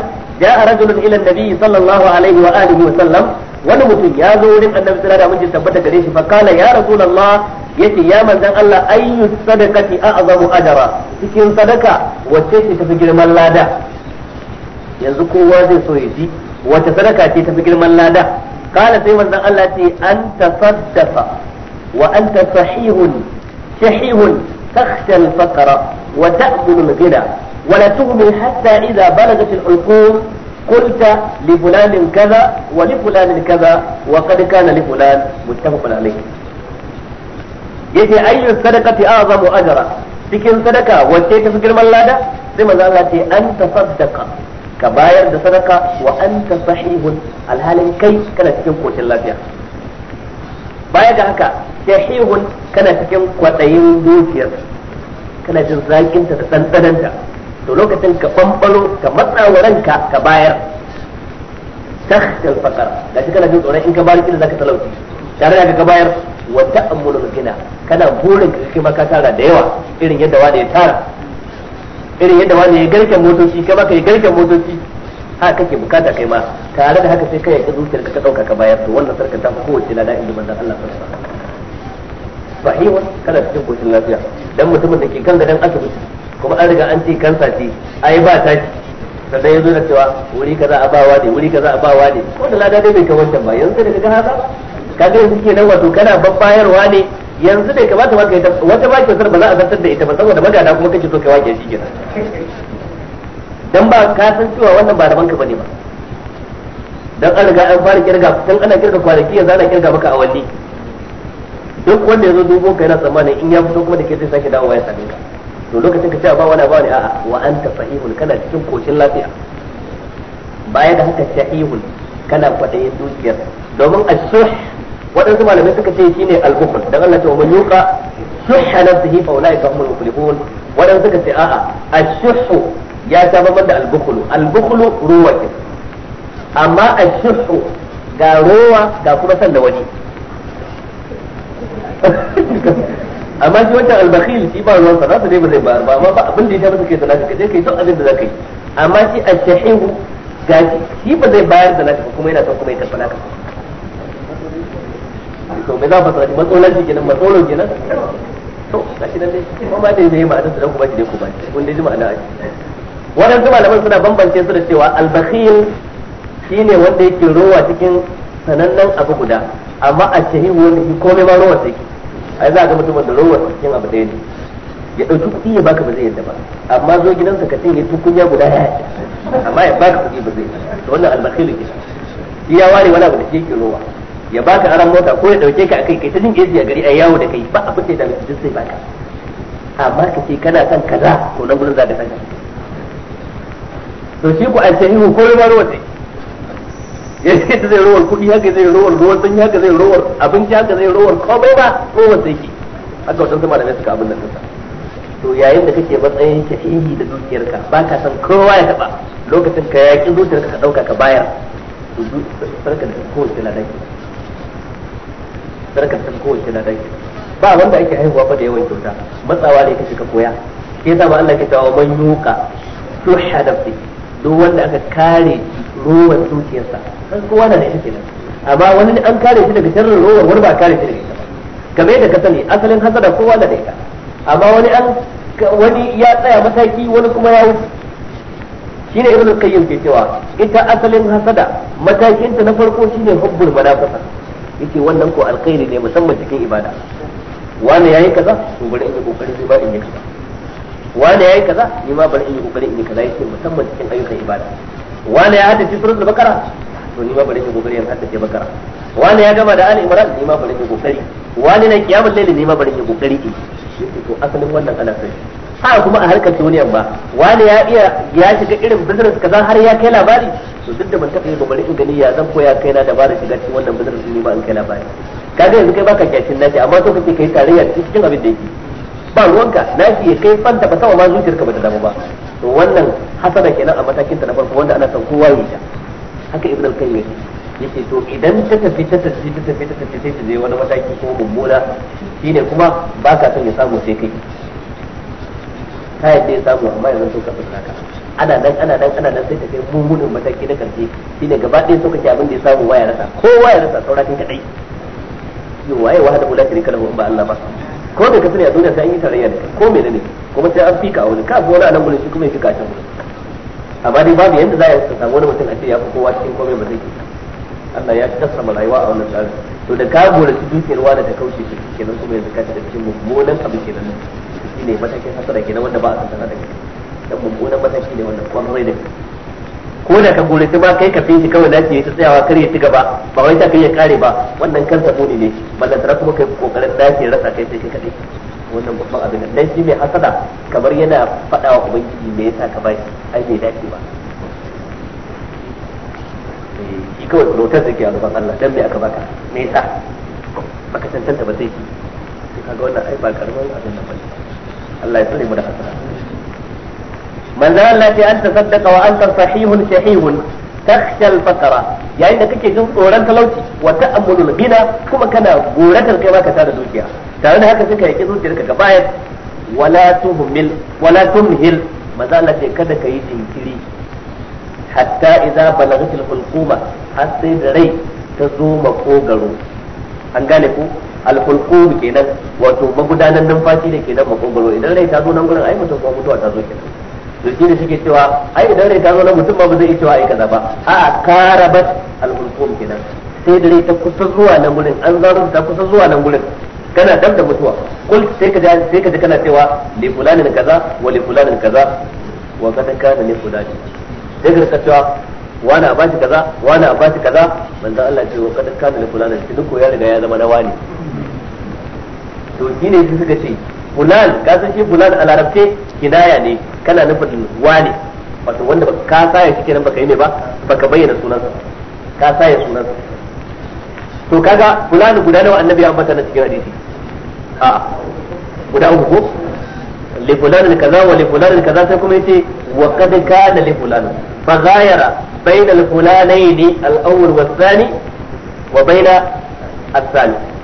جاء رجل الى النبي صلى الله عليه واله وسلم wani mutum ya zo wurin annabi da alaihi wasallam tabbata gare shi fa ya yace ya manzan Allah ayyu sadaqati a'zamu ajra cikin sadaka wacce ce tafi girman lada yanzu kowa zai so ya ji sadaka ce tafi girman lada kana sai manzan Allah ce an tasaddaqa wa anta sahihun shahihun takhsha al-faqra wa ta'kulu al-ghina ولا تغني حتى إذا بلغت الحلقوم قلت لفلان كذا ولفلان كذا وقد كان لفلان متفق عليه yace ayyun sadaqati azamu ajra cikin sadaka wacce ta fi girman lada sai manzo Allah ce an tasaddaqa ka bayar da sadaka wa anta sahihun alhalin kai kana cikin koshin lafiya baya ga haka sahihun kana cikin kwadayin dukiyar kana jin zakinta da dandananta to lokacin ka bambalo ka matsa wa ranka ka bayar takhshal faqara gashi kana jin tsoron in ka bayar kila zaka talauci tare da ka bayar wa ta'ammul gina kana burin kai ma ka tara da yawa irin yadda wani ya tara irin yadda wani ya garke motoci kai maka ya garke motoci ha kake bukata kai ma tare da haka sai kai ka zuciyar ka dauka ka bayar to wannan sarkar ta fi kowace lada inda manzon Allah sallallahu alaihi wasallam sahiwa kana cikin koshin lafiya dan mutumin da ke kan gadan asibiti kuma an riga an ce kansa ce ai ba ta ci sannan ya zo da cewa wuri kaza a bawa ne wuri kaza a bawa ne wanda lada dai bai ta wancan ba yanzu da ga haka kaga yanzu ke nan wato kana bayarwa ne yanzu da kamata ma kai wata ba kyautar ba za a zartar da ita ba saboda magana kuma kake so kai wake shi kenan dan ba ka san cewa wannan ba rabanka bane ba dan an riga an fara kirga tun ana kirga kwanaki yanzu ana kirga maka awanni duk wanda ya zo dubo kai na tsammanin in ya fito kuma da ke zai sake dawowa ya same ka to lokacin ka ce ba wani ba ne a'a wa anta sahihun kana cikin koshin lafiya baya da haka sahihun kana kwadayin dukiyar domin asuh waɗansu malamai suka ce shine al-bukhl dan Allah ta wa man yuqa shuhha nafsihi fa ulai ka humul muflihun waɗansu suka ce a'a ash-shuhhu ya ta babar da al-bukhl al-bukhl ruwa ce amma ash-shuhhu ga ruwa ga kuma san da wani amma shi wancan al-bakhil shi ba ruwan sa dai ba zai ba amma ba abin da ya ta masa kai salati kai kai duk abin da zaka yi amma shi ash-shahihu ga shi ba zai bayar da naka kuma yana son kuma ya karɓa naka to me za mu tsari matsalar ki kenan matsalar kenan to gashi nan dai kuma ba da yayi ma'anar da ku ba dai ku ba kun dai jima'a da waɗansu malaman suna bambance su da cewa al-bakhil shine wanda yake rowa cikin sanannen abu guda amma a shahihu wani shi komai ma rowa take ai za ga mutumin da rowa cikin abu ɗaya ne ya dauki kuɗi ya baka ba zai yadda ba amma zo gidan ka ya tukunya guda ya amma ya baka kuɗi ba zai to wannan al-bakhil ke ya ware wani ba da ke rowa ya baka aran mota ko ya dauke ka akai kai ta jin AC a gari a yawo da kai ba fice da ya sai baka amma ka ce kana son kaza ko nan gurin za ka saka to shi ku an sai hihu ko ruwa ruwa sai ya ce zai rowar kuɗi haka zai rowar ruwan sanyi haka zai rowar abinci haka zai rowar komai ba rowar sai ke haka wajen zama da mai suka abin nan kansa to yayin da kake matsayin shahihi da zuciyarka ba ka san kowa ya taɓa lokacin ka yaƙi zuciyarka ka ɗauka ka bayar to sarka da kowace lalaki sarkar ta kowace na dake ba wanda ake haihuwa ba da yawan kyauta matsawa ne kace ka koya ke sa ba Allah ke cewa man yuqa shuhha nafsi duk wanda aka kare rowan dukiyarsa kan kowa na da shi kenan amma wani an kare shi daga sharrin ruwan wani ba kare shi daga ita game da ka sani asalin hasada kowa na da ita amma wani an wani ya tsaya mataki wani kuma ya wuce shine ibnu qayyim ke cewa ita asalin hasada matakinta na farko shine hubbul manafasa yake wannan ko alkhairi ne musamman cikin ibada wani yayi kaza to bari in yi kokari ni ba in yi kaza wani yayi kaza ni ma bari in yi kokari in yi kaza yake musamman cikin ayyukan ibada wani ya haddace suratul bakara to ni ma bari in yi kokari in cikin bakara wani ya gama da ali imran ni ma bari in yi kokari wani na kiyamul laili ni ma bari in yi kokari to asalin wannan ana sai ha kuma a harkar duniyar ba wani ya iya ya shiga irin business kaza har ya kai labari to duk da ban taɓa yi ba bari in gani ya zan koya kai na dabarar shiga cikin wannan business ne ba in kai labari kaga yanzu kai baka kyashin nashi amma to kake kai tarayya cikin abin da yake ba ruwanka nashi ya kai fanta ba sama ma zuciyarka ba ta damu ba to wannan hasada kenan a matakin ta na farko wanda ana son kowa ya haka ibn al-qayyim yake to idan ta tafi ta tafi ta tafi ta tafi sai ta je wani mataki ko mummuna shine kuma baka son ya samu sai kai ka yadda ya samu amma yanzu to kafa naka ana nan ana nan ana nan sai ta kai mummunan mataki na karshe ne gaba ɗaya so kake abin da ya samu waya rasa ko waya rasa saura kin kadai yo waye wahada la sharika lahu ba Allah ba ko da ka sani a duniya sai an yi tarayya da ko me ne kuma sai an fika wani ka fi wani a nan gurin shi kuma ya fika can gurin amma dai babu yadda za a yi samu wani mutum a ce ya fi kowa cikin komai ba zai Allah ya kasama rayuwa a wannan tsarin to da ka gora dukiyar wani da kaushe shi kenan kuma yanzu ka ci da cikin mummunan abu kenan ne matakin hasara kenan wanda ba a san hasada dan mummunan mataki ne wannan rai da ko da ka gore ba kai ka fi kawai dace ya ta tsayawa kar ya ci gaba ba wai ta kai ya kare ba wannan kansa bone ne ballantara kuma kai kokarin dace rasa kai sai kai kadai wannan babban abin dan shi mai hasada kamar yana faɗa wa ubangiji me yasa ka bashi ai bai dace ba shi eh, kawai rotar da ke a gaban Allah dan me aka baka me yasa baka tantanta ba sai shi kaga wannan ai ba karaman abin nan ne Allah ya tsare mu da hasara manzo Allah ce anta saddaqa wa anta sahihun sahihun takhsha al-fakara yayin da kake jin tsoron talauci wa ta'ammulul bina kuma kana goratar kai ma ka dukiya tare da haka suka yake zuciyarka ka bayan wala tuhmil wala tumhil manzo Allah ce kada ka yi jinkiri hatta idza balagatil hulquma har sai da rai ta zo makogaro an gane ku alhulqum kenan wato magudanan numfashi da ke nan makogoro idan rai ta zo nan gurin ai mutum ko mutuwa ta zo kenan to shi ne suke cewa ai idan rai ta zo nan mutum ba zai cewa ai kaza ba a karabat alhulqum kenan sai da rai ta kusa zuwa nan gurin an zaro ta kusa zuwa nan gurin kana dab da mutuwa kul sai ka sai ka kana cewa li fulanin kaza wa li fulanin kaza wa kad kana li fulani sai ka cewa wani a bashi kaza wani a bashi kaza manzon Allah ce wa kad kana li fulanin duk ko ya riga ya zama na wani to shine sai suka ce fulan ka san shi fulan a larabce kinaya ne kana nufin wane wato wanda ba ka saya shi kenan baka yi ne ba baka bayyana sunansa ka saya sunansa to kaga fulan guda nawa annabi ya ambata na cikin hadisi a guda uku ko li fulan kaza wa li fulan kaza sai kuma yace wa kad kana li fulan fa ghayara bayna al fulanayn al awwal wa thani wa bayna al thalith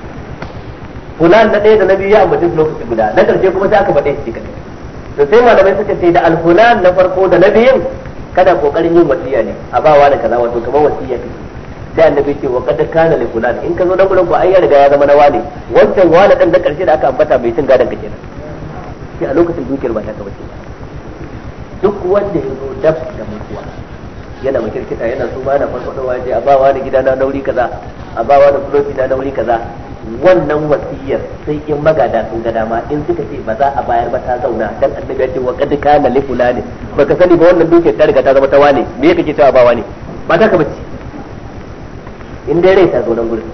fulan na ɗaya da na biyu ya ambace su lokaci guda na ƙarshe kuma sai aka faɗe shi kaɗai to sai malamai suka ce da alfulan na farko da na biyun kada kokarin yin wasiya ne a bawa da kaza wato kamar wasiya kake sai annabi ce wa qad kana li fulan in ka zo dan gurin ko ai ya riga ya zama na wane wancan wane ɗan da ƙarshe da aka ambata bai cin gadon ka nan sai a lokacin dukiyar ba ta taɓa ce duk wanda ya zo dab da mutuwa yana makirkita yana su ba na farfadowa ya ce a bawa da gida na nauri kaza a bawa da fuloti na nauri kaza wannan wasiyar sai in magada sun ga dama in suka ce ba za a bayar ba ta zauna dan annabi ya ce wa qad kana li fulani baka sani ba wannan dukiyar ta riga ta zama ta wane me kake cewa ba wane ba za ka bace in dai rai ta zo nan gurin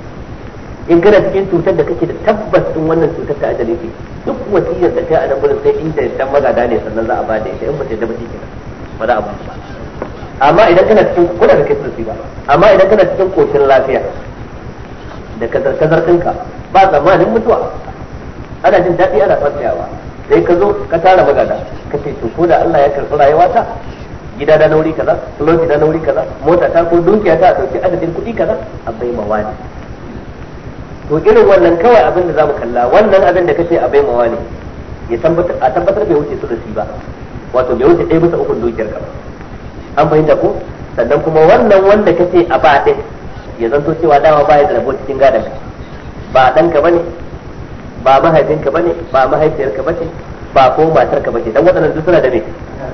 in kana cikin cutar da kake da tabbas din wannan cutar ta ajali ce duk wasiyar da kai a nan gurin sai in da dan magada ne sannan za a ba da shi in ba ta da bace kenan ba za a ba amma idan kana cikin kuna da kai ba amma idan kana cikin koshin lafiya da kazar-kazar ba tsammanin mutuwa ana jin daɗi ana tsayawa sai ka zo ka tara magana ka ce to ko da Allah ya karɓi ta gida da nauri kaza gida da nauri kaza mota ta ko dukiya ta dauki adadin kuɗi kaza a bai mawani to irin wannan kawai abin da zamu kalla wannan abin da kace a bai mawani ya tabbatar a tabbatar bai wuce su da shi ba wato bai wuce ɗaya bisa ukun dukiyar ka ba an fahimta ko sannan kuma wannan wanda kace a ba ɗin ya zanto cewa dama ya da rabo cikin gadon ba ka bane ba mahaifinka bane ba mahaifiyarka bace ba ko matarka bace dan waɗannan duk suna da me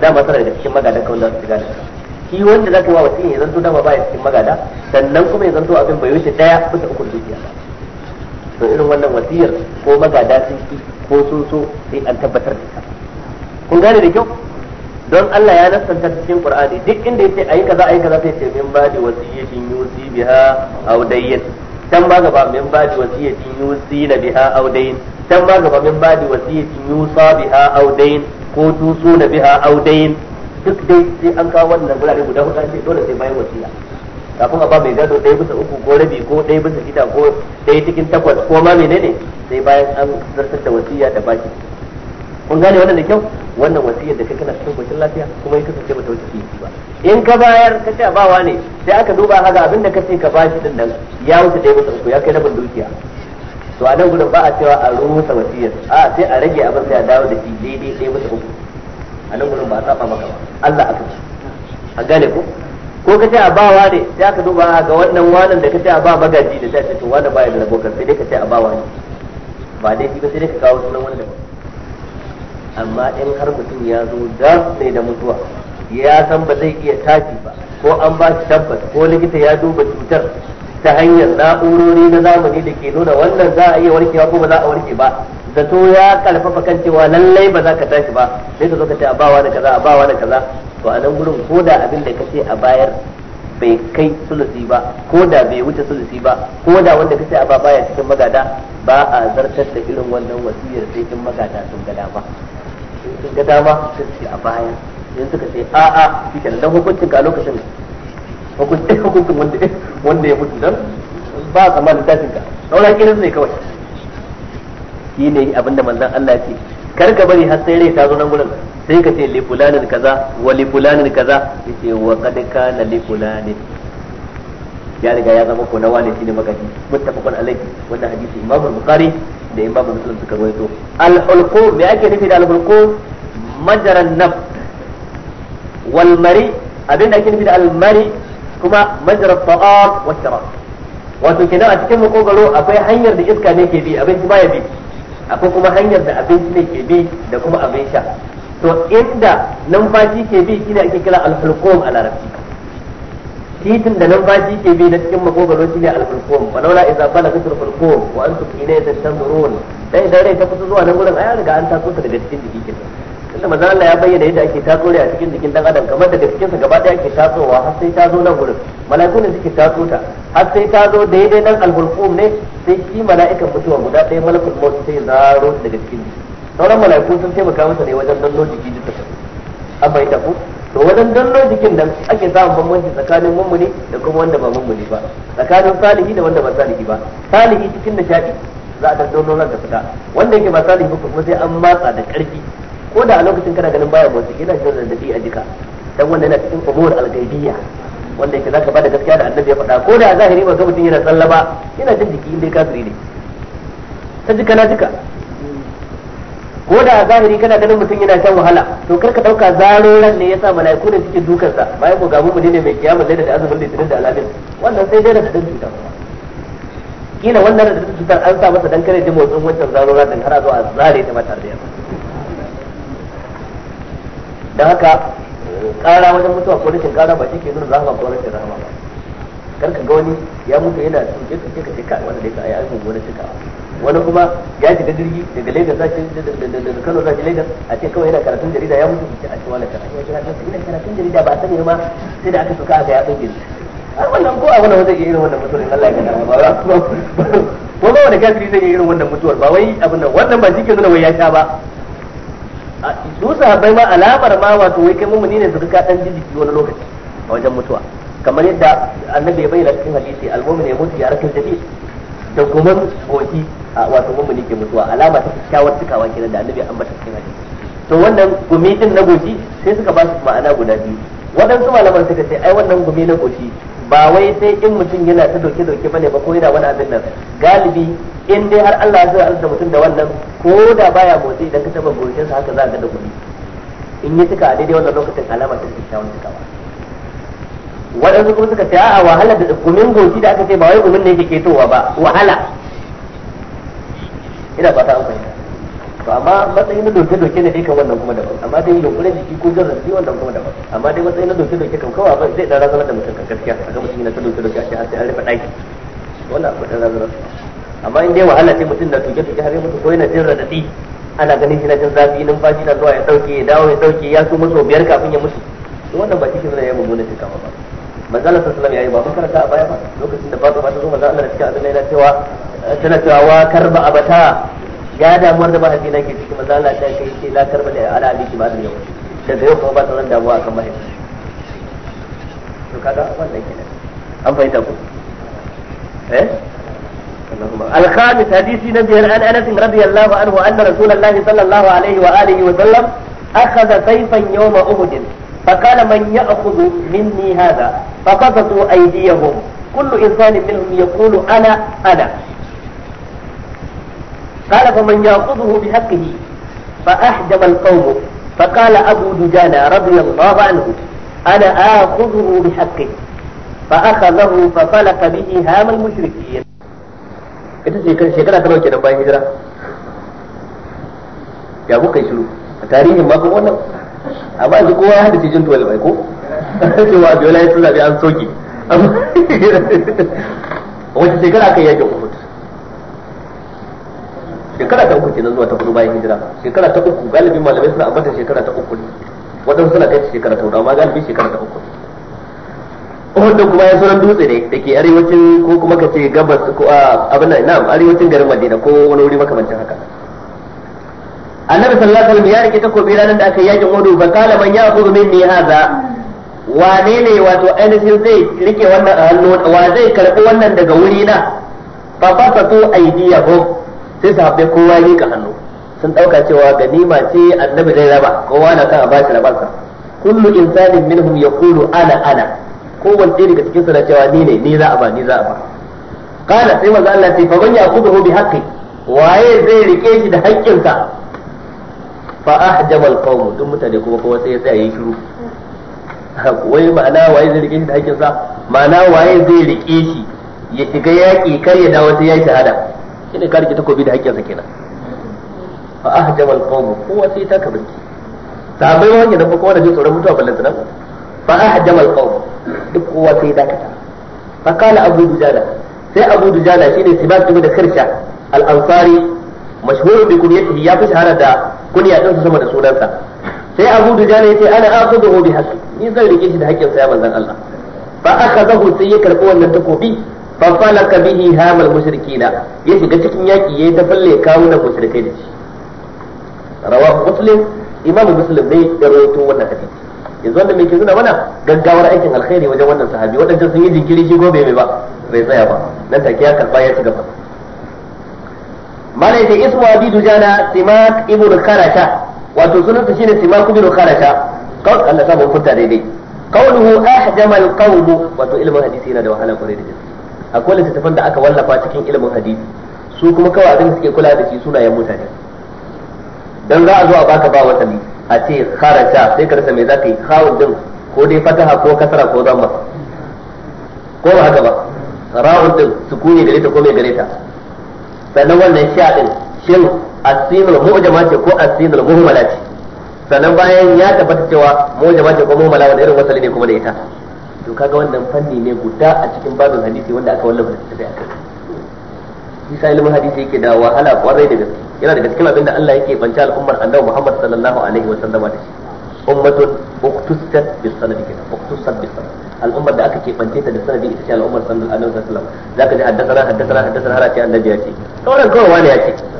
dama suna da cikin magadan ka wanda su gada shi wanda zaka wa wasiya ya zanto dama ya cikin magada sannan kuma ya zanto abin bai wuce daya bisa uku dukiya to irin wannan wasiyar ko magada sun ki ko sun so sai an tabbatar da ta kun gane da kyau don Allah ya nasanta cikin Qur'ani duk inda yake ayi kaza ayi kaza sai ce min ba da wasiyatin yusi biha aw dayyin dan ba gaba min ba da wasiyatin yusi na biha aw dayyin dan ba gaba min ba da wasiyatin yusa biha aw dayyin ko tusu na biha aw dayyin duk dai sai an kawo wannan gurare guda hudu sai dole sai bayan wasiya kafin a ba mai gado ɗaya bisa uku ko rabi ko ɗaya bisa shida ko ɗaya cikin takwas ko ma menene sai bayan an zartar da wasiya da baki kun gane wannan da kyau wannan wasiyar da kai kana cikin koshin lafiya kuma ya kasance mata wata kiyi ba in ka bayar ka ce ba ne sai aka duba ga abin da ka ce ka bashi din nan ya wuce ɗaya bisa uku ya kai rabin dukiya to a nan gudun ba a cewa a rusa wasiyar a sai a rage abin sai a dawo da shi daidai dai bisa uku a nan gudun ba a saba maka ba Allah aka ce a gane ko ko ka ce a ba ne sai aka duba ga wannan wanan da ka ce a ba magaji da sai ce to wanda ya da rabokan sai dai ka ce a ba ne ba dai shi ba sai dai ka kawo sunan wani ba. amma in har mutum ya zo da ne da mutuwa ya san ba zai iya tashi ba ko an ba shi tabbas ko likita ya duba cutar ta hanyar na'urori na zamani da ke nuna wannan za a iya warkewa ko ba za a warke ba da zato ya karfafa kan cewa lallai ba za ka tashi ba sai ka zo ka ce a bawa da kaza a bawa da kaza to a nan gurin ko da abin da ka ce a bayar bai kai sulusi ba ko da bai wuce sulusi ba ko da wanda ka ce a ba baya cikin magada ba a zartar da irin wannan wasiyar sai in magada sun gada ba sun ga dama sun ce a baya yanzu suka ce a a shike dan hukuncin ka lokacin hukuncin hukuncin wanda wanda ya mutu dan ba tsammanin tashin ka saura kirin ne kawai shi ne abinda manzon Allah ya ce kar ka bari har sai rai ta zo nan gurin sai ka ce li fulanin kaza wa li fulanin kaza yace wa qad kana li fulanin ya riga ya zama ko na wani shine magaji muttafaqun alayhi wanda hadisi Imam Bukhari da Imam Muslim suka rawaito al hulqu me ake nufi da al hulqu majaran naf wal mari abinda ake nufi da al-mari kuma majra at-ta'am wa sharab wato kenan a cikin makogaro akwai hanyar da iska ne ke bi abinci baya bi akwai kuma hanyar da abinci ne ke bi da kuma abin sha to inda numfashi ke bi shine ake kira al-hulqum a larabci titin da numfashi ke bi na cikin makogaro shi ne alfulkum wa laula idza balagat alfulkum wa antum ilayhi tanzurun dai idan rai ta fito zuwa nan gurin ayar ga an taso ta daga cikin jiki kin tunda manzo Allah ya bayyana yadda ake taso a cikin jikin dan adam kamar daga cikin sa gaba daya ake tasowa har sai ta zo nan gurin malaikun da suke taso ta har sai ta zo daidai nan alfulkum ne sai shi mala'ika mutuwa guda ɗaya malakul maut sai zaro daga cikin jiki sauran mala'iku sun taimaka masa ne wajen danno jiki duka an bai ku to wajen dallo jikin nan ake samun bambanci tsakanin mummuni da kuma wanda ba mummuni ba tsakanin salihi da wanda ba salihi ba salihi cikin nishadi za a dallo nan da fita wanda yake ba salihi ba kuma sai an matsa da karfi ko da a lokacin kana ganin baya motsi yana jin dadi a jika dan wanda yana cikin umur al-ghaibiyya wanda yake zaka bada gaskiya da annabi ya faɗa ko da zahiri ba ga mutum yana tsalla ba yana jin jiki indai kafiri ne ta jika na jika ko da zahiri kana ganin mutum yana shan wahala to kar ka dauka zaro ran ne yasa malaiku ne suke dukan sa bayan ko gabu mu ne mai kiyama da da azumin litinin da alamin wannan sai dai da dadin cuta kila wannan da dadin cutar an sa masa dan kare da motsin wancan zaro ran din har a zo a zare ta matar da yamma dan haka kara wajen mutuwa ko rashin kara ba shi ke nuna rahama ko rashin rahama ba kar ka ga wani ya mutu yana tsinke tsinke ka ce ka wanda dai ka ayi azumin gona cikawa wani kuma ya shiga jirgi daga Lagos za shi daga Kano za shi Lagos a ce kawai yana karatun jarida ya mutu ce a ce wala karatun jarida karatun jarida ba sani ma sai da aka suka aka ya tsinge a wannan ko a wannan wanda ke irin wannan mutuwar Allah ya gana ba ko ba wanda kafiri zai irin wannan mutuwar ba wai abin nan wannan ba shi ke nuna wai ya sha ba su sahabbai ma alamar ma wato wai kai mumuni ne su ka dan jijiki wani lokaci a wajen mutuwa kamar yadda annabi ya bayyana cikin hadisi al-mu'min yamutu ya rakal jabi. da kuma tsoki a wato mummuni ke mutuwa alama ta kyakkyawar cikawa kenan da annabi an bata cikin hadisi to wannan gumi din na goshi sai suka ba su ma'ana guda biyu waɗansu malaman suka ce ai wannan gumi na goshi ba wai sai in mutum yana ta doke doke bane ba ko yana wani abin nan galibi in dai har Allah zai arzuta mutum da wannan ko da baya motsi idan ka taba goshin sa haka za ka ga da gumi in yi tuka a daidai wannan lokacin alama ta kyakkyawar cikawa waɗansu kuma suka ce a wahala da gumin goshi da aka ce ba wai gumin ne ke ketowa ba wahala ina fata an fahimta to amma matsayin na doke doke ne kan wannan kuma daban amma dai yunkurin jiki ko jin rantsi wannan kuma daban amma dai matsayin na doke doke kan kawai ba zai dan razanar da mutum kan gaskiya a ga mutum na ta doke doke a ce har sai an ɗaki wannan akwai dan razanar amma in dai wahala ce mutum na tuke tuke har ya mutu ko yana jin radadi ana ganin shi na jin zafi numfashi na zuwa ya ɗauke ya dawo ya ɗauke ya su mutu biyar kafin ya mutu wannan ba cikin zai yi mummunan cikawa ba manzala sallallahu alaihi yayi ba mun karanta a baya ba lokacin da Fatima ta zo manzo Allah cikin abin yana cewa tana cewa wa karba abata ya damuwar da na ke cikin manzo Allah ta kai ce la karba da ala aliki ba da yau da yau kuma ba ta ran damuwa akan mahaifi to kaga wannan kenan an fahimta ku eh الخامس حديث نبي عن انس رضي الله عنه ان رسول الله صلى الله عليه واله وسلم اخذ سيفا يوم احد فقال من ياخذ مني هذا فقبضوا أيديهم كل إنسان منهم يقول أنا أنا قال فمن يأخذه بحقه فأحجب القوم فقال أبو دجانة رضي الله عنه أنا آخذه بحقه فأخذه ففلق به هام المشركين ita shekara ta nauke nan bayan hijira ya muka yi shiru a tarihin ma kuma wannan amma yanzu kowa ya hada jin tuwal bai ko cewa da wala sun zabi an soke Wace shekara aka yakin uhud shekara ta uku kenan zuwa ta hudu bayan hijira shekara ta uku galibin malamai suna ambata shekara ta uku ne waɗansu suna kai shekara ta hudu amma galibin shekara ta uku ne uhud kuma ya sunan dutse ne da ke arewacin ko kuma ka ce gabas ko abin nan arewacin garin madina ko wani wuri makamancin haka annabi sallallahu alaihi wasallam ya rike takobi ranar da aka yi yakin uhud fa qala man ya'khudhu minni hadha wane ne wato ainihin zai rike wannan a hannu wa zai karɓi wannan daga wuri na fa biya ko sai su haɓe kowa yi ka hannu sun ɗauka cewa ganima ce annabi zai raba kowa na kan a bashi rabansa kullu insanin minhum kulu ana ana kowanne ɗaya daga cikin na cewa ni ne ni za a ba ni za a ba kana sai manzo Allah sai fa man ya'khudhu bi haqqi waye zai rike shi da haƙƙinsa fa ahjama al-qawm duk mutane kuma kowa sai ya tsaya yi shiru wai ma'ana waye zai rike shi da hakkinsa ma'ana waye zai rike shi ya shiga yaƙi kar ya dawo sai yayi shahada shine ka rike takobi da hakkinsa kenan fa ahjama alqawm qawm kowa sai ta kabirki sabai wanda da kowa da jin tsoron mutuwa ballan sanan fa ahjama alqawm duk kowa sai da kata fa kana abu dujala sai abu dujala shine sibas ibn da karsha al-ansari mashhurun bi kunyatihi ya fi shahara da kunya din sama da sunansa sai abu duja ne yace ana akhudhu bi haqqi ni zan rike shi da haƙƙin sa ya manzon Allah fa akhadahu sai ya karɓi wannan takobi fa falaka bihi hamal mushrikina ya shiga cikin yaki yayi ta falle kawo da mushrikai da shi rawahu muslim imamu muslim ne ya rawaito wannan hadisi yanzu wanda mai ke nuna mana gaggawar aikin alkhairi wajen wannan sahabi waɗancan sun yi jinkiri shi gobe mai ba bai tsaya ba nan take ya karba ya ci gaba malai ta ismu abi dujana simak ibnu karata wato sunansa shine timaku bin kharasha kawai Allah sabu mun kunta daidai qawluhu ahjama alqawm wato ilmu hadisi na da wahala kwarai da gaske akwai littattafan da aka wallafa cikin ilmin hadisi su kuma kawai abin da suke kula da shi sunayen mutane dan za a zo a baka ba wata watanni a ce kharasha sai ka rasa me zaka yi khawun din ko dai fataha ko kasara ko zamma ko ba haka ba ra'un din sukuni gare ta ko mai gareta sannan wannan sha din sin asinul mu'jama ce ko asinul muhmala ce sannan bayan ya tabbata cewa mu'jama ce ko muhmala wanda irin wasali ne kuma da ita to kaga wannan fanni ne guda a cikin babin hadisi wanda aka wallafa da tafi akai isa ilimin hadisi yake da wahala kwarai da gaske yana da gaske abin da Allah yake banta al'ummar annabi Muhammad sallallahu alaihi wa sallama da shi ummatun uktusat bis sanadi kana uktusat bis sanadi al'ummar da aka ke bance ta da sanadi ita ce al'ummar sallallahu alaihi wa sallam zaka ji haddasa haddasa haddasa har ce annabi ya ce sauran kawai wani ya ce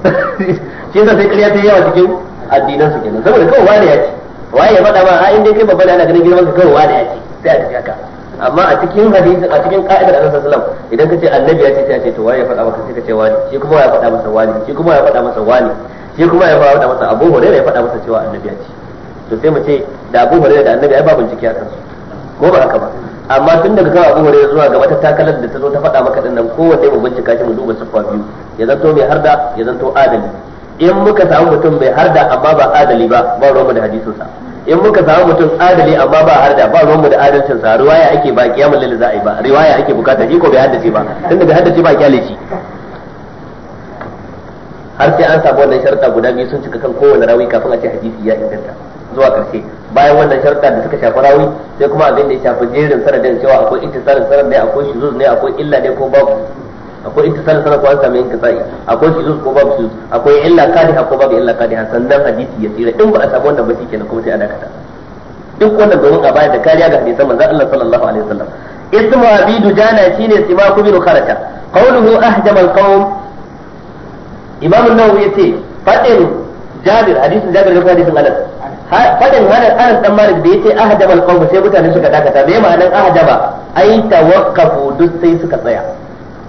shi yasa sai ƙarya ta yawa cikin addinan su kenan saboda kawai wani ya ce waye ya faɗa ma a inda kai babbala da ana ganin girman ka kawai wani ya ce sai a tafi haka amma a cikin hadisi a cikin ka'idar annabi sallallahu alaihi idan kace annabi ya ce sai a ce to waye ya faɗa maka sai kace wani shi kuma ya faɗa masa wani shi kuma ya faɗa masa wani shi kuma ya faɗa masa Abu Hurairah ya faɗa masa cewa annabi ya ce to sai mu ce da Abu Hurairah da annabi ai babu bincike a kansu ko ba haka ba amma tun daga kan abu hore zuwa ga wata takalar da ta zo ta faɗa maka dinnan kowanne mu bincika shi mu duba siffa biyu ya zanto mai harda ya zanto adali in muka samu mutum mai harda amma ba adali ba ba ruwan mu da hadisinsa in muka samu mutum adali amma ba harda ba ruwan mu da adalcin sa riwaya ake ba kiyamul lil za'i ba riwaya ake bukata shi ko bai haddace ba tun daga haddace ba kyale shi har sai an samu wannan sharta guda biyu sun cika kan kowane rawi kafin a ce hadisi ya inganta zuwa karshe bayan wannan sharuɗa da suka shafi rawi sai kuma abin da ya shafi jerin sanadin cewa akwai intisarin sanad ne akwai shuzuz ne akwai illa ne ko babu akwai intisarin sanad ko an samu sa'i akwai shuzuz ko babu shuzuz akwai illa kadi ko babu illa kadiha sannan hadisi ya tsira in ba a samu wannan ba shikenan kuma sai a dakata duk wannan domin a bayar da kariya ga hadisan manzon Allah sallallahu alaihi wasallam ismu abi dujana shine simaku bin kharata qawluhu ahjama kawun imam an-nawawi yace fadin jabir hadisin jabir da hadisin anas fadin hanar anas dan malik da yace ahdaba alqawm sai mutane suka dakata me ma'anan ahdaba ai tawaqqafu duk sai suka tsaya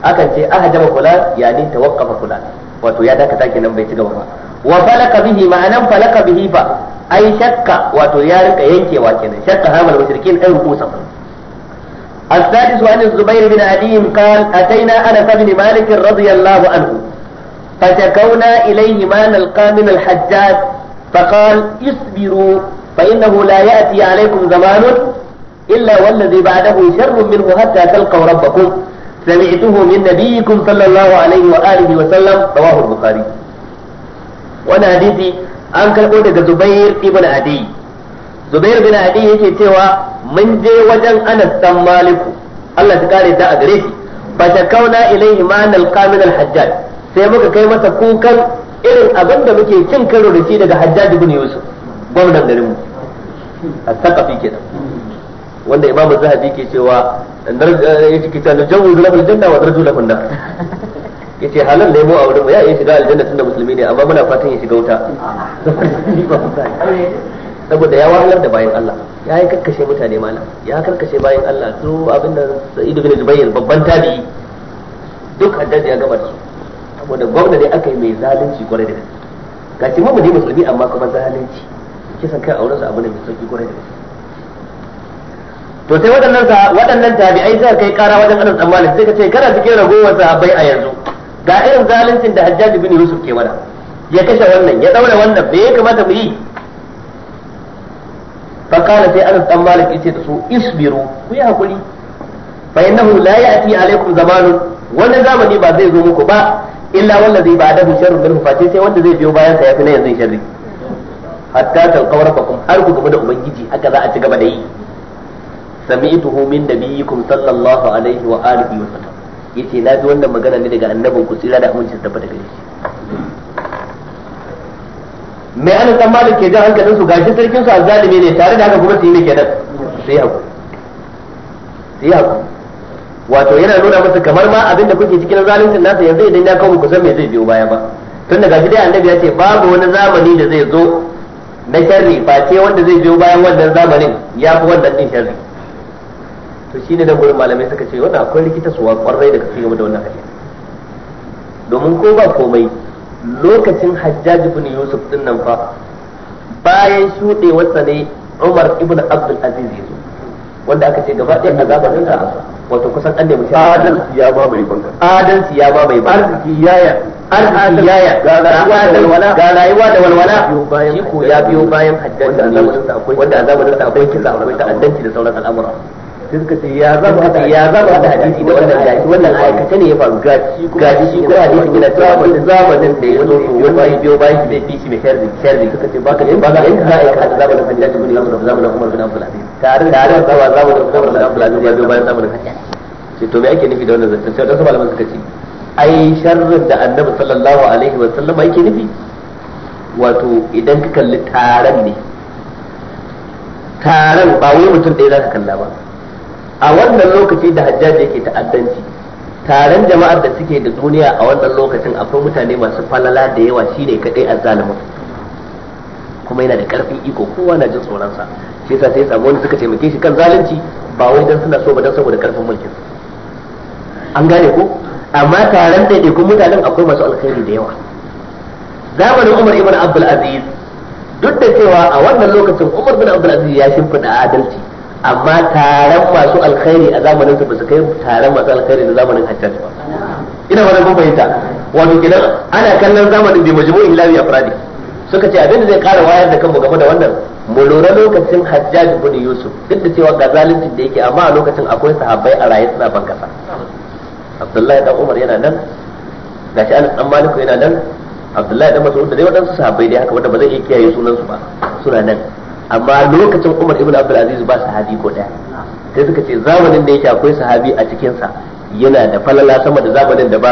akan ce ahdaba fulan yani tawaqqafa fulan wato ya dakata kenan bai ci gaba ba wa falaka bihi ma'anan falaka bihi fa ai shakka wato ya rika yankewa kenan shakka hamal mushrikin ai rukusa السادس عن الزبير بن علي قال أتينا أنس بن مالك رضي الله عنه فشكونا إليه ما نلقى من الحجاج فقال اصبروا فإنه لا يأتي عليكم زمان إلا والذي بعده شر منه حتى تلقوا ربكم سمعته من نبيكم صلى الله عليه وآله وسلم رواه البخاري وانا حديثي an karɓo daga Zubair ibn Adi Zubair ibn Adi yake cewa mun je wajen Anas dan Maliku Allah ta kare da a gare shi fa shakauna ilaihi ma hajjaj sai muka kai masa kukan irin abin da muke cin karo da shi daga hajjaji bin yusuf gwamnan garin mu a ke kenan wanda imamu zahabi ke cewa ya ciki da na jawu zuwa janna wa darju lahun nar ya halal ne mu a wurin ya iya shiga aljanna tunda musulmi ne amma muna fatan ya shiga wuta saboda ya wahalar da bayan Allah ya yi karkashe mutane malam ya karkashe bayan Allah su abinda sa'idu bin Jubair babban tabi'i duk hajjaji ya gaba da su saboda gwamna dai aka yi mai zalunci kwarai da gaske ga ce mu ne musulmi amma kuma zalunci kisan kai a su abu ne mai sauki kwarai da gaske to sai waɗannan sa waɗannan tabi'ai sai kai ƙara wajen Anas tsammani sai ka ce kana cikin ragowar sahabbai a yanzu ga irin zaluncin da Hajjaj bin Yusuf ke mana ya kashe wannan ya daura wannan me ya kamata mu yi fa kana sai Anas tsammani yace da su isbiru ku yi hakuri fa innahu la ya'ti alaikum zamanun Wannan zamani ba zai zo muku ba illa wallazi ba adabu sharru minhu face sai wanda zai biyo bayan sa yafi na yanzu sharri hatta talqaw rabbakum har ku gaba da ubangiji haka za a ci gaba da yi sami'tuhu min nabiyyikum sallallahu alaihi wa alihi wa sallam yace na ji wannan magana ne daga annabin ku tsira da aminci da tabbata gare shi mai ana san malik ke jan hankalin su gashi sarkin su azzalimi ne tare da haka kuma su yi ne kenan sai haku sai haku wato yana nuna musu kamar ma abin da kuke cikin zalincin nasa yanzu idan ya kawo ku san me zai biyo baya ba tun daga dai annabi ya ce babu wani zamani da zai zo na sharri face wanda zai biyo bayan wannan zamanin ya fi wannan din sharri to shine da gurin malamai suka ce wannan akwai rikita suwa kwarai da kake game da wannan hadisi domin ko ba komai lokacin hajjaji bin Yusuf din nan fa bayan shudewarsa ne Umar ibn Abdul Aziz zo wanda aka ce gaba ɗaya azabar ta wato kusan an nemi adalci ya ba mai banka adalci ya ba mai banka arziki yaya arziki yaya ga rayuwa da walwala ga rayuwa da walwala shi ko ya biyo bayan haddan da wanda a zamanin sa akwai kisa akwai ta'addanci da sauran al'amura sai suka ce ya za mu haɗa ya za mu haɗa hadisi da wannan gashi wannan aikace ne ya faru gashi gashi shi kuma hadisi yana cewa wani zamanin da ya zo to wani bai biyo bayan shi da bishi mai sharri sharri suka ce ba ka da ba za ka aika hada zamanin hadisi bin yanzu. da zamanin Umar bin Abdul Aziz tare da tare da zamanin Umar bin Abdul Aziz ya biyo bayan zamanin hadisi to me ake nufi da wannan zancen sai wasu malaman suka ce ai sharrin da Annabi sallallahu alaihi wa sallam yake nufi wato idan ka kalli taron ne taron ba wai mutum ɗaya za ka kalla ba a wannan lokaci da hajjaji yake ta'addanci taron jama'ar da suke da duniya a wannan lokacin akwai mutane masu falala da yawa shine kadai azzalimin kuma yana da karfin iko kowa na jin tsoron sa shi yasa sai samu suka suka taimake shi kan zalunci ba wai dan suna so ba dan saboda karfin mulkin an gane ko amma taron daidaikun mutanen akwai masu alkhairi da yawa zamanin Umar ibn Abdul Aziz duk da cewa a wannan lokacin Umar ibn Abdul Aziz ya shimfida adalci amma taron masu alkhairi a zamanin su ba su kai taron masu alkhairi na zamanin hajjaj ba ina wannan kuma fahimta wato kenan ana kallon zamanin bi majmu'in lawi afradi suka ce abin da zai kara wayar da kanmu game da wannan mu lura lokacin hajjaj bin yusuf duk da cewa ga zaluncin da yake amma a lokacin akwai sahabbai a raye suna ban kasa abdullahi dan umar yana nan gashi anas dan maliku yana nan abdullahi dan mas'ud da dai wadansu sahabbai dai haka wanda ba zai iya kiyaye sunan su ba suna nan amma lokacin Umar ibn Abdul Aziz ba sahabi ko daya sai suka ce zamanin da yake akwai sahabi a cikin sa yana da falala sama da zamanin da ba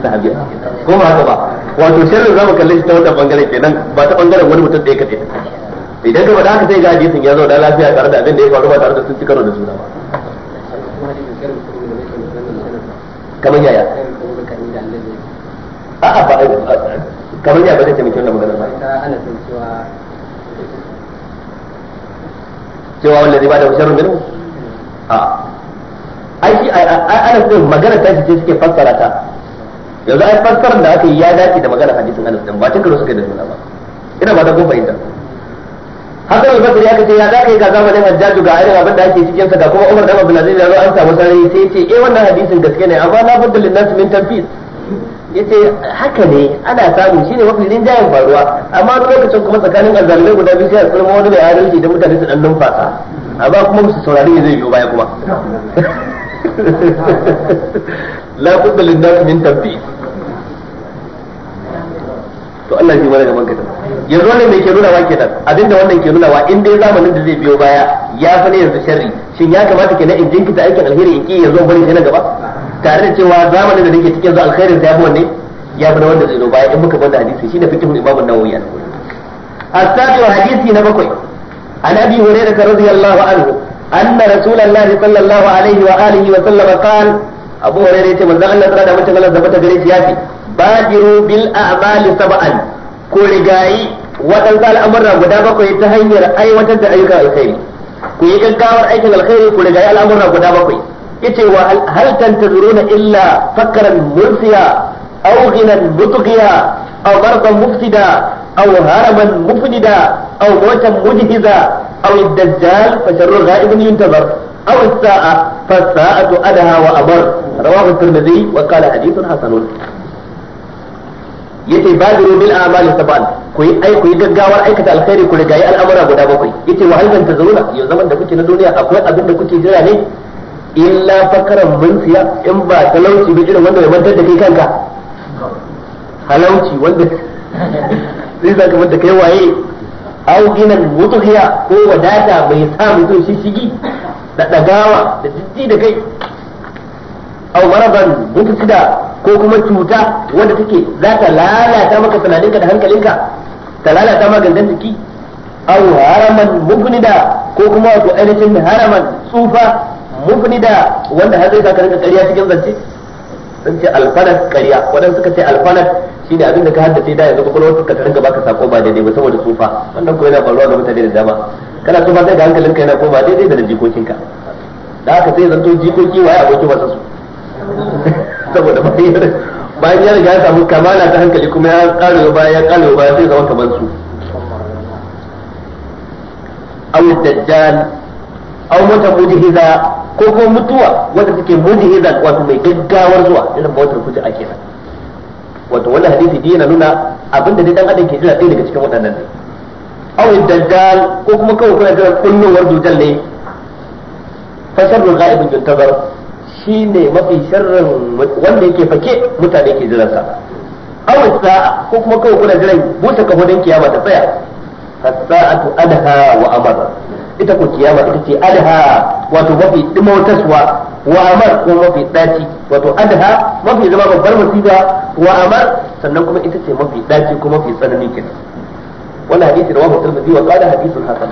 sahabi a cikin sa ko ba haka ba wato sharrin zamu kalle shi ta wannan bangaren kenan ba ta bangaren wani mutum da ya kace idan ka faɗa haka sai ga hadisin ya zo da lafiya tare da abin da ya faru ba tare da sun ci karo da juna ba kamar yaya a'a ba kamar yaya ba zai taimaki wannan maganar ba cewa wanda zai bada sharrun minhu a ai shi Anas din magana ta ce suke fassara ta yanzu ai fassarar da aka yi ya dace da magana hadisin Anas din ba ta karo suka da suna ba ina ba ta kuma fahimta haka mai basiri aka ce ya za ka yi ga zamanin hajjaju ga irin abin da ake cikin sa ga kuma Umar da Abdul Aziz ya zo an samu sarari sai ya ce eh wannan hadisin gaske ne amma na budda lin nas min tanfis yace haka ne ana samu shine mafi jayin faruwa amma a lokacin kuma tsakanin azalai guda biyu sai a tsirma wani mai adalci da mutane su dan numfasa amma kuma musu saurari ne zai biyo baya kuma la budda lin nas min tabbi to Allah shi mana gaban kadan yanzu wannan mai ke nuna wa kenan abinda wannan ke nuna wa in dai zamanin da zai biyo baya ya fa ne yanzu sharri shin ya kamata kenan in jinkita aikin alheri in ki yanzu bari sai na gaba tare da cewa zamanin da nake cikin zuwa alkhairin sa yafi wanne ya fi na wanda zai zo baya in muka banda hadisi shine fikihun imamu nawawi a asabi hadisi na bakwai an abi hurairah radiyallahu anhu anna rasulullahi sallallahu alaihi wa alihi wa sallam qala abu hurairah yace manzo Allah tsara da mutum Allah zabata gare shi yace badiru bil a'mali saba'an ko rigayi waɗansu al'amura guda bakwai ta hanyar aiwatar da ayyukan alkhairi ku yi gaggawar aikin alkhairi ku rigayi al'amura guda bakwai yace wa hal tantazuruna illa fakran mursiya aw ghinan mutqiya aw bardan mufsida aw haraman mufnida aw mawtan mujhiza aw ad-dajjal fa sharru ghaibun yuntazar aw as-sa'a fa as-sa'atu adaha wa abar rawahu at-tirmidhi wa qala hadithun hasanun yace badiru bil a'mali sab'an ku yi ai ku yi gaggawar aikata alkhairi ku rigayi al'amura guda bakwai yace wa hal tantazuruna yanzu zaman da kuke na duniya akwai abin da kuke jira ne illa fakaran mansiya in ba talauci ba irin wanda ya mantar da kai kanka halauci wanda zai za ka kai waye au ginan mutuhiya ko wadata bai sa mutum shishigi da dagawa da jijji da kai au maraban mutusida ko kuma cuta wanda take za ta lalata maka tunaninka da hankalinka ta lalata maka gangan jiki au haraman mubnida ko kuma wato ainihin haraman tsufa mufni da wanda har zai ka rinka ƙarya cikin zance sun ce alfanat ƙarya waɗanda suka ce alfanat shi ne abinda ka haddace da yanzu kwakwalwar ka rinka baka sako ba daidai ba saboda tsufa wannan ko yana faruwa ga mutane da dama kana tsufa sai ga hankalinka yana koma daidai da jikokinka da haka sai zanto jikoki waye abokin wasan su saboda bayan ya riga ya samu kamala ta hankali kuma ya ƙarewa baya ya ƙarewa baya sai zama kamar su aw dajjal aw mutamujiza ko kuma mutuwa wanda take mujiza wato mai gaggawar zuwa irin wata kuji ake na wato wannan hadisi dai yana nuna abinda dai dan adam ke jira ɗaya daga cikin waɗannan ne aw daddal ko kuma kawai kuna jira kullun dujal ne fa sharru ghaibun yuntazar shine mafi sharrin wanda yake fake mutane ke jira sa aw sa'a ko kuma kawai kuna jiran busa kafodin kiyama ta tsaya hatta saatu adha wa amara ita ko kiyama ita ce adha wato mafi dimautaswa wa amar ko mafi daci wato adha mafi zama babbar musiba wa amar sannan kuma ita ce mafi daci ko mafi tsanani kenan wannan hadisi da wahu tirmidhi wa qala hadithun hasan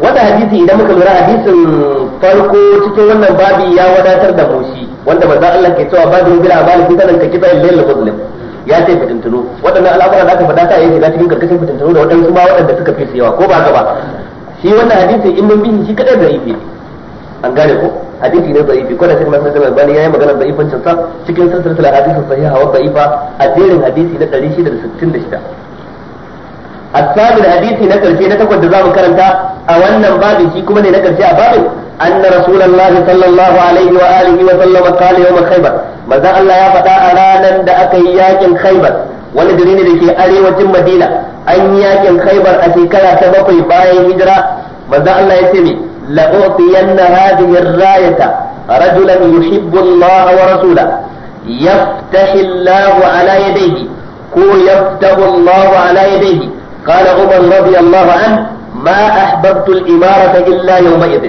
wannan hadisi idan muka lura hadisin farko cikin wannan babi ya wadatar da mushi wanda manzo Allah ke cewa babu bil amali fi sanan ka kifa lil muslim ya ce fitintunu waɗannan al'amuran da aka faɗa ta yi shiga cikin karkashin fitintunu da waɗansu ba waɗanda suka fi yawa ko ba ka ba shi wannan hadisi in mun bin shi kadai da yake an gane ko hadisi ne da'ifi ko da shi masu da bani yayi magana da'ifancin sa cikin silsilar hadisin sahiha wa da'ifa a jerin hadisi na 666 الثامن حديثي نكر شيء نتقوى الدزام كرمتا أولا بابي شيء كمان نكر شيء بابي أن رسول الله صلى الله عليه وآله وسلم قال يوم خيبر ماذا الله يا فتاة أنا نند أكياك خيبر wani gari ne da ke arewacin madina an yi yakin khaibar a shekara ta bakwai bayan hijira manzo Allah ya ce ne la utiyanna hadhihi ar-rayata rajulan yuhibbu Allah wa rasulahu yaftahu Allah ala yadayhi ko yaftahu Allah ala yadayhi قال عمر an ma عنه ما أحببت illa إلا يومئذ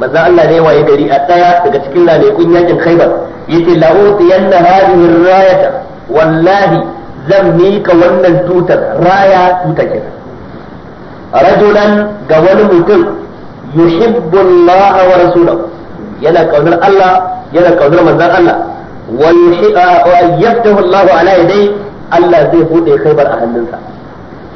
manzo Allah ne waye gari a daya daga cikin lalekun yakin Khaibar yace la utiyanna hadhihi ar-rayata wallahi zan mika wannan tutar raya tuta kenan rajulan ga wani mutum yuhibbu Allah wa rasulahu yana kaunar Allah yana kaunar manzon Allah wa yaftahu Allah ala yadai Allah zai bude khaybar a hannunsa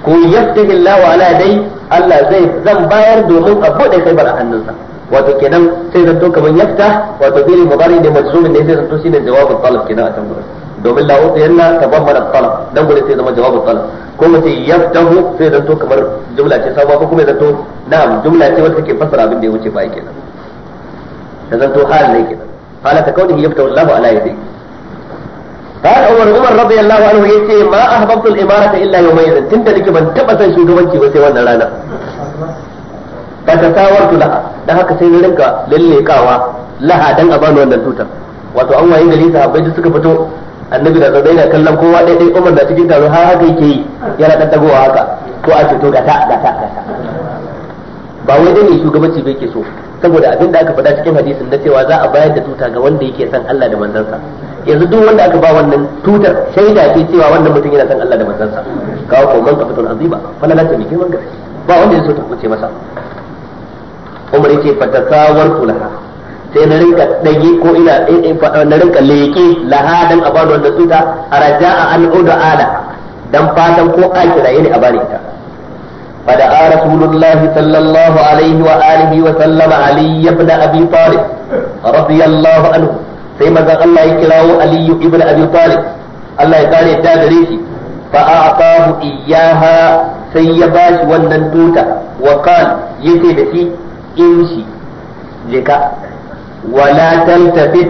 ko yaftahu Allah ala yadai Allah zai zan bayar domin a bude khaybar a hannunsa wato kenan sai zanto kaman yafta wato fi'il mudari da majzumin ne sai zanto shine jawabul talab kenan a can gurin domin la uqiyanna tabammana talab dan gure sai zama jawabu talab ko mace yaftahu sai to kamar jumla ce sabuwa ko kuma zanto na'am jumla ce wacce take fassara abin da ya wuce baya kenan da zanto hal ne kenan ta kaunihi yaftahu Allahu ala yadi قال عمر عمر رضي الله عنه يتي ما احببت الاماره الا يومين تند لك ban taba san shugabanci ba sai wannan rana fa tasawartu laha dan haka sai rinka lallekawa laha dan a bani wannan tutar wato an waye gari sahabbai suka fito annabi da zaune yana kallon kowa ɗaya ɗaya umar da cikin taro har haka yake yi yana tagowa haka ko a ceto gata gata gata ba wai dai ne shugabanci bai ke so saboda abin da aka faɗa cikin hadisin na cewa za a bayar da tuta ga wanda yake son Allah da manzansa yanzu duk wanda aka ba wannan tutar shaida ce cewa wannan mutum yana son Allah da manzansa kawo ko man kafatul azima fala la tabiki man gaske ba wanda ya so ta kuce masa umar yake fatasawar tulaha sai na rinka ɗage ko ina eh, eh, na rinka leƙe laha dan a bani wanda tsuta a raja'a an uda ala dan fatan ko a kiraye ne a bani ita fada a rasulullahi sallallahu alaihi wa alihi wa sallama ali ibn abi talib radiyallahu anhu sai manzon Allah ya kirawo ali ibn abi talib Allah ya kare ta gare shi fa a'tahu iyyaha sai ya bashi wannan tuta wa qala yace da shi in shi jika wala taltafit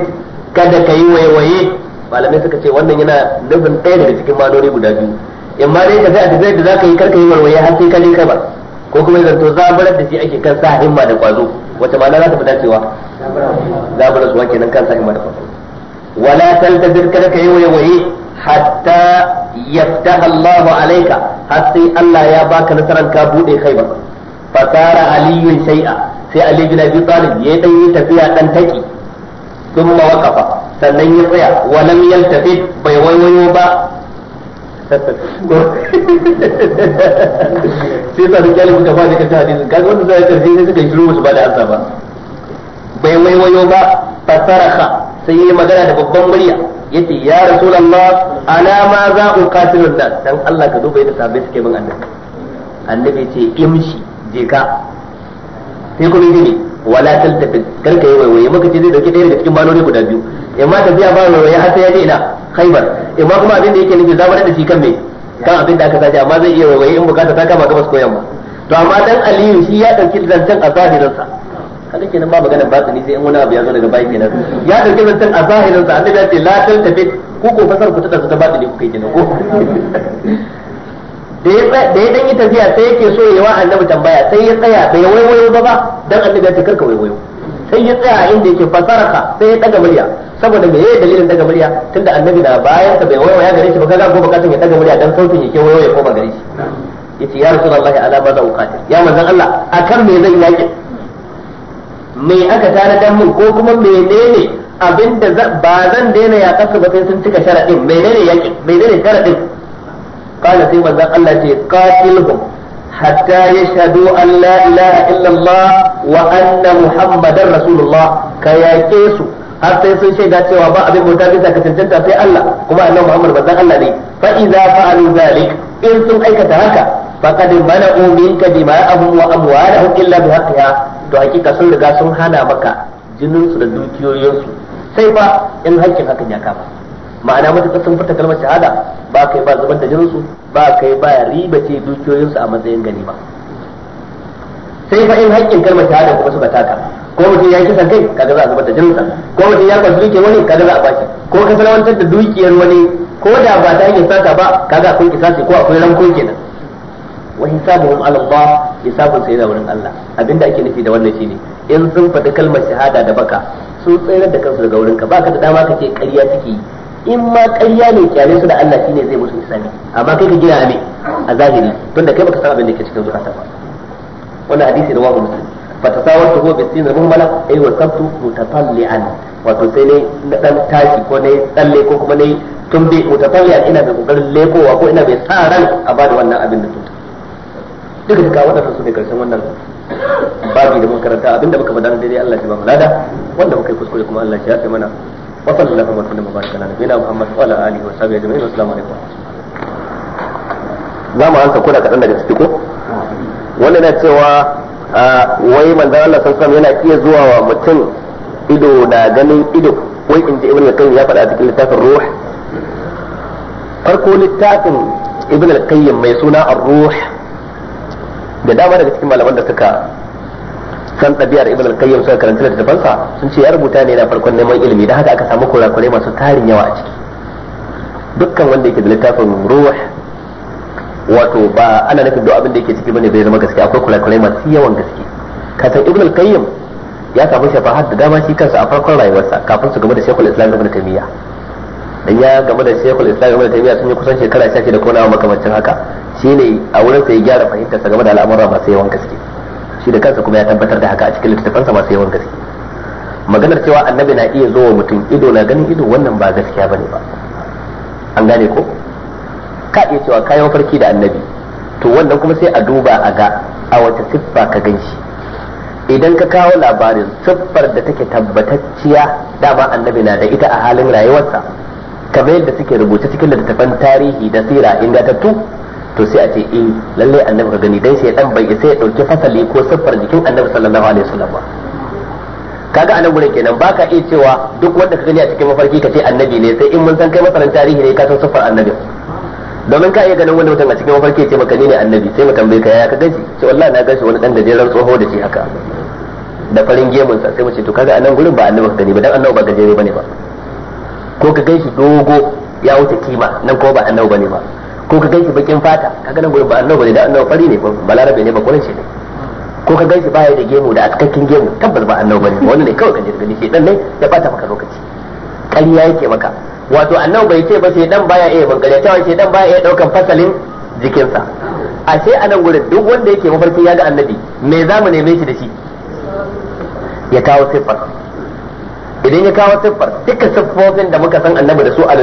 kada ka yi waiwaye malamai suka ce wannan yana nufin ɗaya daga cikin manori guda biyu in ma dai ka sai a da za ka yi karka yi waiwaye har sai ka je kabar ko kuma zanto zabarar da shi ake kan sa himma da kwazo wace ma'ana za ta fi dacewa zabarar suwa kenan kan sa himma da kwazo wala taltafit kada ka yi waiwaye hatta yaftaha Allah alayka har sai Allah ya baka nasaran ka bude khaibar fatara aliyun shay'a sai Ali bin Abi Talib ya dan yi tafiya dan taki thumma waqafa sannan ya tsaya wa lam yaltafit bai waiwayo ba sai sa da kyalin ka fadi ka ta hadisin kaga wanda zai tafi sai suka shiru musu ba da ansa ba bai waiwayo ba saraka sai yi magana da babban murya yace ya rasulullah ana ma za uqatilun nan dan Allah ka duba yadda sabai suke bin annabi annabi ce imshi je ka sai kuma ne wala taltafi karka yi waiwaye maka ce zai dauki ɗaya daga cikin maloli guda biyu imma tafiya ba waiwaye har sai ya je ina khaibar ma kuma abin da yake nufi zabar da shi kan me kan abin da aka sace amma zai iya waiwaye in bukata ta kama gabas ko yamma to amma dan aliyu shi ya dauki zancen a zahirinsa kada kenan ba magana ni sai in wani abu ya zo daga baya kenan ya dauki zancen a zahirinsa annabi ya ce la taltafi ko ko fasar ku ta da ta ni ku kai kenan ko da ya dan yi tafiya sai yake so ya wa annabi tambaya sai ya tsaya bai waiwayo ba ba dan annabi ya ce karka waiwayo sai ya tsaya inda yake fasaraka sai ya daga murya saboda me yayin dalilin daga murya tunda annabi na bayan ta bai waiwaya gare shi ba kaga gobe kasan ya daga murya dan sautin yake waiwayo ya koma gare shi yace ya rasulullahi ala ba za uqatil ya manzon Allah akan me zan yaki me aka tare dan mun ko kuma menene abinda ba zan daina kasu ba sai sun cika sharadin menene yakin menene sharadin qala sai manzon Allah ce qatilhum hatta yashhadu an la ilaha illallah wa anna muhammadar rasulullah ka yaƙe su har sai sun shaida cewa ba abin bauta bisa ka cancanta sai Allah kuma annabi Muhammad manzon Allah ne fa idza fa'alu zalik in sun aikata haka faqad mana'u minka dima'ahum wa amwalahum illa bihaqqiha to hakika sun riga sun hana maka jininsu da dukiyoyinsu sai fa in hakkin hakan ya kama ma'ana mutum sun furta kalmar shahada ba kai ba zaman da jininsu ba kai ba riba ce dukiyoyinsu a matsayin gani ba sai fa'in haƙƙin kalmar shahada kuma suka taka ko mutum ya kisan kai kaga za a zubar da jininsa ko mutum ya kwasu dukiyar wani kaga za a bashi ko ka salawantar da dukiyar wani ko da ba ta yi sata ba kaga kisa ce ko akwai ranko kenan wa hisabuhum ala Allah hisabun sai da wurin Allah abinda ake nufi da wannan shine in sun faɗi kalmar shahada da baka sun tsayar da kansu daga wurinka baka da dama kace ƙarya take yi in ma ƙarya ne kyale su da Allah shine zai musu islami amma kai ka gina ne a zahiri tunda kai baka san abin da ke cikin zukata ba wannan hadisi da wahu muslim fatasawartu huwa bisin muhammala ay wa sabtu mutatallian wato sai ne na dan tashi ko ne tsalle ko kuma ne tumbe mutatallian ina da kokarin lekowa ko ina mai sa ran a bada wannan abin da tuta duka duka waɗannan su ne karshen wannan babi da mun karanta abinda muka faɗa daidai Allah shi ba mu lada wanda muka yi kuskure kuma Allah shi ya mana وصلى الله وسلم وبارك على نبينا محمد ansa ko na cewa wai manzan yana zuwa wa mutum ido na ganin ido wai in ji ibn ya faɗa cikin littafin farko littafin ibn mai suna da dama daga cikin malaman da suka san ɗabi'ar ibn al-qayyim suka karanta sa sun ce ya rubuta ne na farkon neman ilimi da haka aka samu kurakure masu tarin yawa a ciki dukkan wanda yake da littafin ruh wato ba ana nufin duk abin da yake ciki bane bai zama gaskiya akwai kurakure masu yawan gaske ka san ibn al-qayyim ya samu shafa'at da dama shi kansa a farkon rayuwarsa kafin su game da shekul islam ibn taymiya dan ya game da shekul islam ibn taymiya sun yi kusan shekara 16 da kona makamancin haka shine a wurin sa ya gyara sa game da al'amuran masu yawan gaske shi da kansa kuma ya tabbatar da haka a cikin littattafansa masu yawan gaske maganar cewa annabi na iya zo wa mutum ido na ganin ido wannan ba gaskiya bane ba an gane ko ka iya cewa kayan farki da annabi to wannan kuma sai a duba a ga a wata siffa ka ganshi idan ka kawo labarin siffar da take tabbatacciya dama annabi na da ita a halin rayuwarsa kamar yadda suke rubuce cikin littattafan tarihi da sira ingantattu to sai a ce eh lalle annabi ka gani dai sai dan bai sai ya dauki fasali ko siffar jikin annabi sallallahu alaihi wasallam ba kaga anan gurin kenan baka iya cewa duk wanda ka gani a cikin mafarki ka ce annabi ne sai in mun san kai masaran tarihi ne ka san siffar annabi domin ka iya ganin wanda mutum a cikin mafarki ce maka ni ne annabi sai mu tambaye ka yaya ka gaji sai wallahi na gashi wani dan gajeren tsoho da shi haka da farin gemun sa sai mu ce to kaga anan gurin ba annabi ka gani ba dan annabi ba gajere bane ba ko ka gaishi dogo ya wuce kima nan ko ba annabi bane ba ko ka ganshi bakin fata kaga nan gobe ba Allah bane da Allah fari ne ba larabe ne ba kullun shi ne ko ka ganshi baya da gemu da askakin gemu tabbas ba Allah bane wannan ne kawai kan gani shi dan ne ya bata maka lokaci kariya yake maka wato Allah bai ce ba sai dan baya iya bangare ta wace dan baya iya daukan fasalin jikinsa ashe a nan gurin duk wanda yake mafarkin ya ga annabi me za mu neme shi da shi ya kawo sifar idan ya kawo siffar duka siffofin da muka san annabi da su a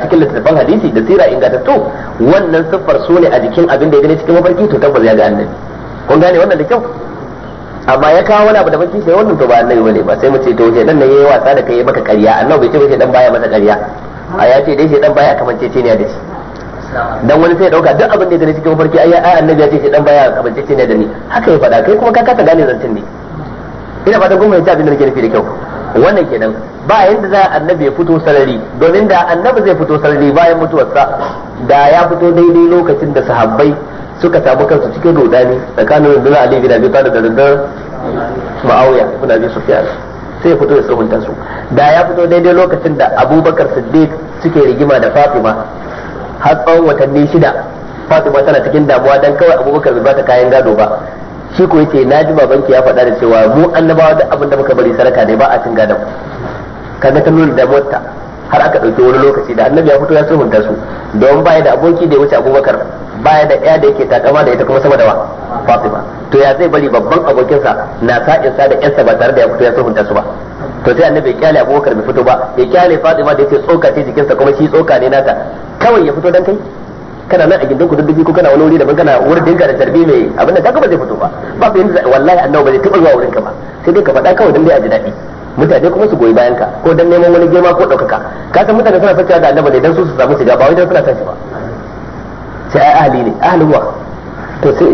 cikin littattafan hadisi da sira ingantattu wannan siffar su ne a jikin abin da ya gani cikin mafarki to tabbas ya ga annabi kun gane wannan da kyau amma ya kawo wani abu da baki sai wannan to ba annabi bane ba sai mu ce to ke nan yayi wasa da kai ya maka ƙarya annabi bai ce dan baya masa ƙarya a ya ce dai dan baya ne da shi dan wani sai ya dauka duk abin da ya gani cikin mafarki ai annabi ya ce dan baya ne da ni haka ya faɗa kai kuma ka kasa gane zancen ne ina fata goma ya ci abin da nake nufi da kyau wannan kenan ba yadda za annabi ya fito sarari domin da annabi zai fito sarari bayan mutuwarsa da ya fito daidai lokacin da sahabbai suka samu kansu cikin rudani tsakanin rundunar Ali bin Abi Talib da rundunar ma'auya ibn Abi Sufyan sai ya fito ya tsohunta su da ya fito daidai lokacin da Abubakar Siddiq suke rigima da Fatima har tsawon watanni shida Fatima tana cikin damuwa dan kawai Abubakar bai ta kayan gado ba shi ko yake na ji babanki ya faɗa da cewa mu annabawa da abin da muka bari saraka ne ba a cin gadon kaga ta nuna damuwarta har aka ɗauki wani lokaci da annabi ya fito ya tsohon su don baya da aboki da ya wuce abubakar baya da ɗaya da yake takama da ita kuma sama da wa fatima to ya zai bari babban abokinsa na sa'in sa da ƴansa ba tare da ya fito ya tsohon su ba to sai annabi ya kyale abubakar bai fito ba ya kyale fatima da yake tsoka ce jikinsa kuma shi tsoka ne nata kawai ya fito dan kai kana nan a gindin ku dubbi ko kana wani wuri daban kana wurin dinga da tarbi mai abin da kaga ba zai fito ba ba fa yanzu wallahi annabi ba zai taba zuwa wurin ka ba sai dai ka faɗa kawai dan dai a ji daɗi mutane kuma su goyi bayan ka ko dan neman wani girma ko ɗaukaka ka san mutane suna fakewa da annabi ne dan su su samu shiga ba wai dan suna san ba sai ai ahli ne ahli wa to sai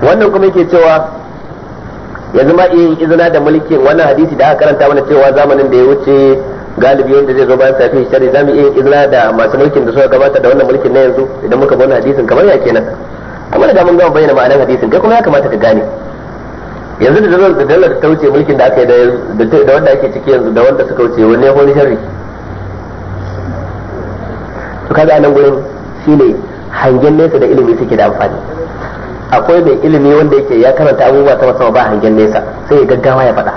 wannan kuma yake cewa yanzu ma iya izina da mulkin wannan hadisi da aka karanta mana cewa zamanin da ya wuce galibi yadda zai zo bayan tafi shari zamu iya izra da masu mulkin da suka gabata da wannan mulkin na yanzu idan muka bauna hadisin kamar ya kenan amma da mun gama bayyana ma'anar hadisin kai kuma ya kamata ka gane yanzu da dalar da dalar ta wuce mulkin da aka yi da wanda ake ciki yanzu da wanda suka wuce wani ko sharri to kaga nan gurin shine hangen nesa da ilimi suke da amfani akwai mai ilimi wanda yake ya karanta abubuwa ta sama ba hangen nesa sai ya gaggawa ya faɗa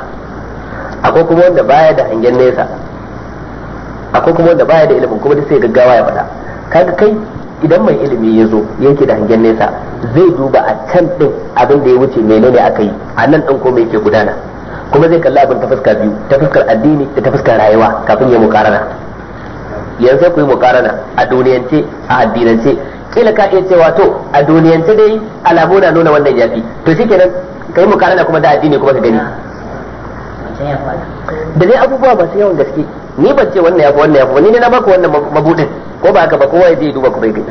akwai kuma wanda baya da hangen nesa akwai kuma wanda baya da ilimin kuma sai gaggawa ya faɗa kaga kai idan mai ilimi ya zo yake da hangen nesa zai duba a can din abin da ya wuce menene aka yi a nan din komai yake gudana kuma zai kalli abin ta fuska biyu ta fuskar addini da ta fuskar rayuwa kafin ya mukarana yanzu sai ku yi mukarana a duniyance a addinance kila ka iya cewa to a duniyance dai alamu na nuna wannan yafi to shikenan kai mukarana kuma da addini kuma ka gani sai ya faru da dai abubuwa masu yawan gaske ni ban ce wannan ya fi wannan ya fi ni ne na baka wannan mabudin ko ba haka ba kowa zai duba ku bai gani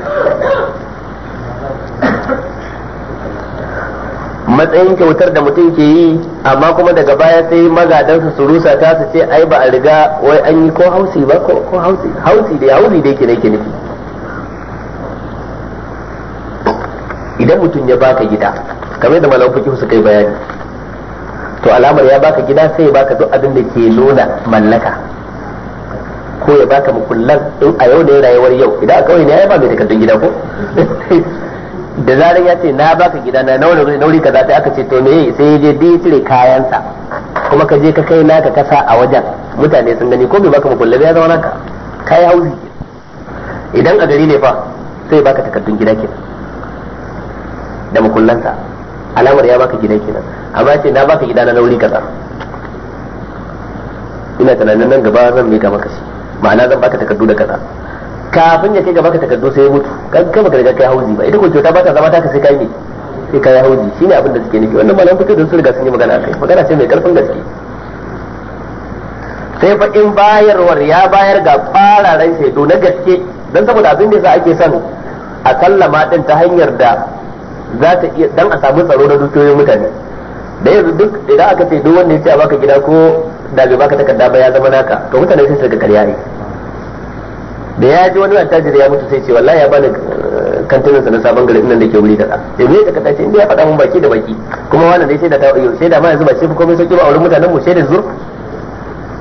matsayin kyautar da mutum ke yi amma kuma daga baya sai magadansa su rusa ta su ce ai ba a riga wai an yi ko hausi ba ko hausi hausi da hausi da yake ke nufi idan mutum ya baka gida kamar da malamu fiqh suka yi bayani to alamar ya baka gida sai ya baka duk abin da ke nuna mallaka ko ya baka mukullan in a yau da ya rayuwar yau idan a kawai ne ya ba mai takardun gida ko da zarar ya ce na baka gida na nauri nauri kaza sai aka ce to me sai ya je dai cire kayansa kuma ka je ka kai naka kasa a wajen mutane sun gani ko bai baka mukullan ya zama naka kai hauzi idan a gari ne fa sai baka takardun gida kenan da mukullansa alamar ya baka gidan kenan amma ce na baka gida na nauri kaza ina tunanin nan gaba zan mika maka shi ma'ana zan baka takardu da kaza kafin ya kai gaba ka takardu sai ya mutu kan kama ka riga kai hauzi ba ita ko kyauta ba ta zama taka sai kai ne sai kai hauji shine abin da suke nufi wannan malamin fitar da su riga sun yi magana kai magana ce mai karfin gaske sai fa in bayarwar ya bayar ga kwararan shaidu na gaske don saboda abin da yasa ake son a sallama din ta hanyar da za ta iya dan a samu tsaro na dukiyoyin mutane da yanzu duk idan aka ce duk wanda ya ce a baka gida ko da bai baka takarda ba ya zama naka to mutane sai su ga karya ne da ya ji wani attajiri ya mutu sai ce wallahi ya bani eh, kantinan sa na sabon gari nan da ke wuri ta da ne takarda ce inda ya faɗa mun baki da baki kuma wannan dai sai da ta eh, sai da ma yanzu ba ce komai sauki ba a wurin mutanen mu sai da zur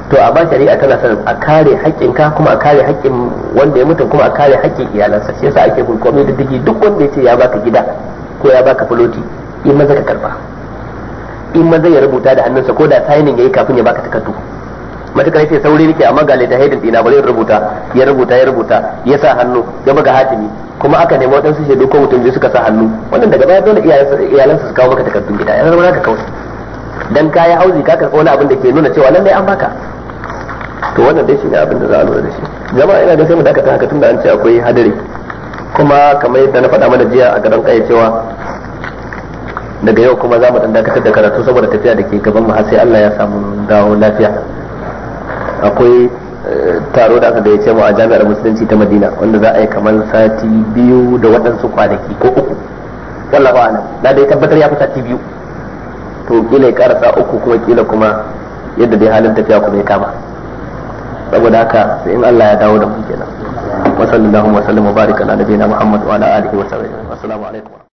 to a ba shari'a tana sanin a kare haƙƙin ka kuma a kare haƙƙin wanda ya mutu kuma a kare haƙƙin iyalansa shi yasa ake bin komai duk wanda ya ce ya baka gida ko ya baka fuloti in maza ka karba in maza ya rubuta da hannunsa ko da signing yayi kafin ya baka takardu matukar yace sauri nake amma ga leta hedin dina bare rubuta ya rubuta ya rubuta ya sa hannu ya buga hatimi kuma aka nemi wadansu shaidu ko mutum suka sa hannu wannan daga baya dole iyalansa su kawo maka takardun gida yanzu zama ka kawai dan kaya auzi ka karɓo wani abin da ke nuna cewa lallai an baka to wannan dai shi ne abin da za a lura da shi jama'a ina ga sai mu dakata haka da an ce akwai hadari kuma kamar yadda na faɗa mana jiya a garin ƙaya cewa daga yau kuma za mu ɗan dakatar da karatu saboda tafiya da ke gaban mu har sai Allah ya samu dawo lafiya akwai eh, taro da aka da ya ce mu a jami'ar musulunci ta madina wanda za a yi kamar sati biyu da waɗansu kwanaki ko uku wallahu alam na dai tabbatar ya fi sati biyu to kila ya karasa uku kuma kila kuma yadda dai halin tafiya kuma ya kama saboda haka sai in Allah ya dawo da mu kenan wa sallallahu wa sallam wa baraka ala nabiyina muhammad wa ala wa sahbihi assalamu alaikum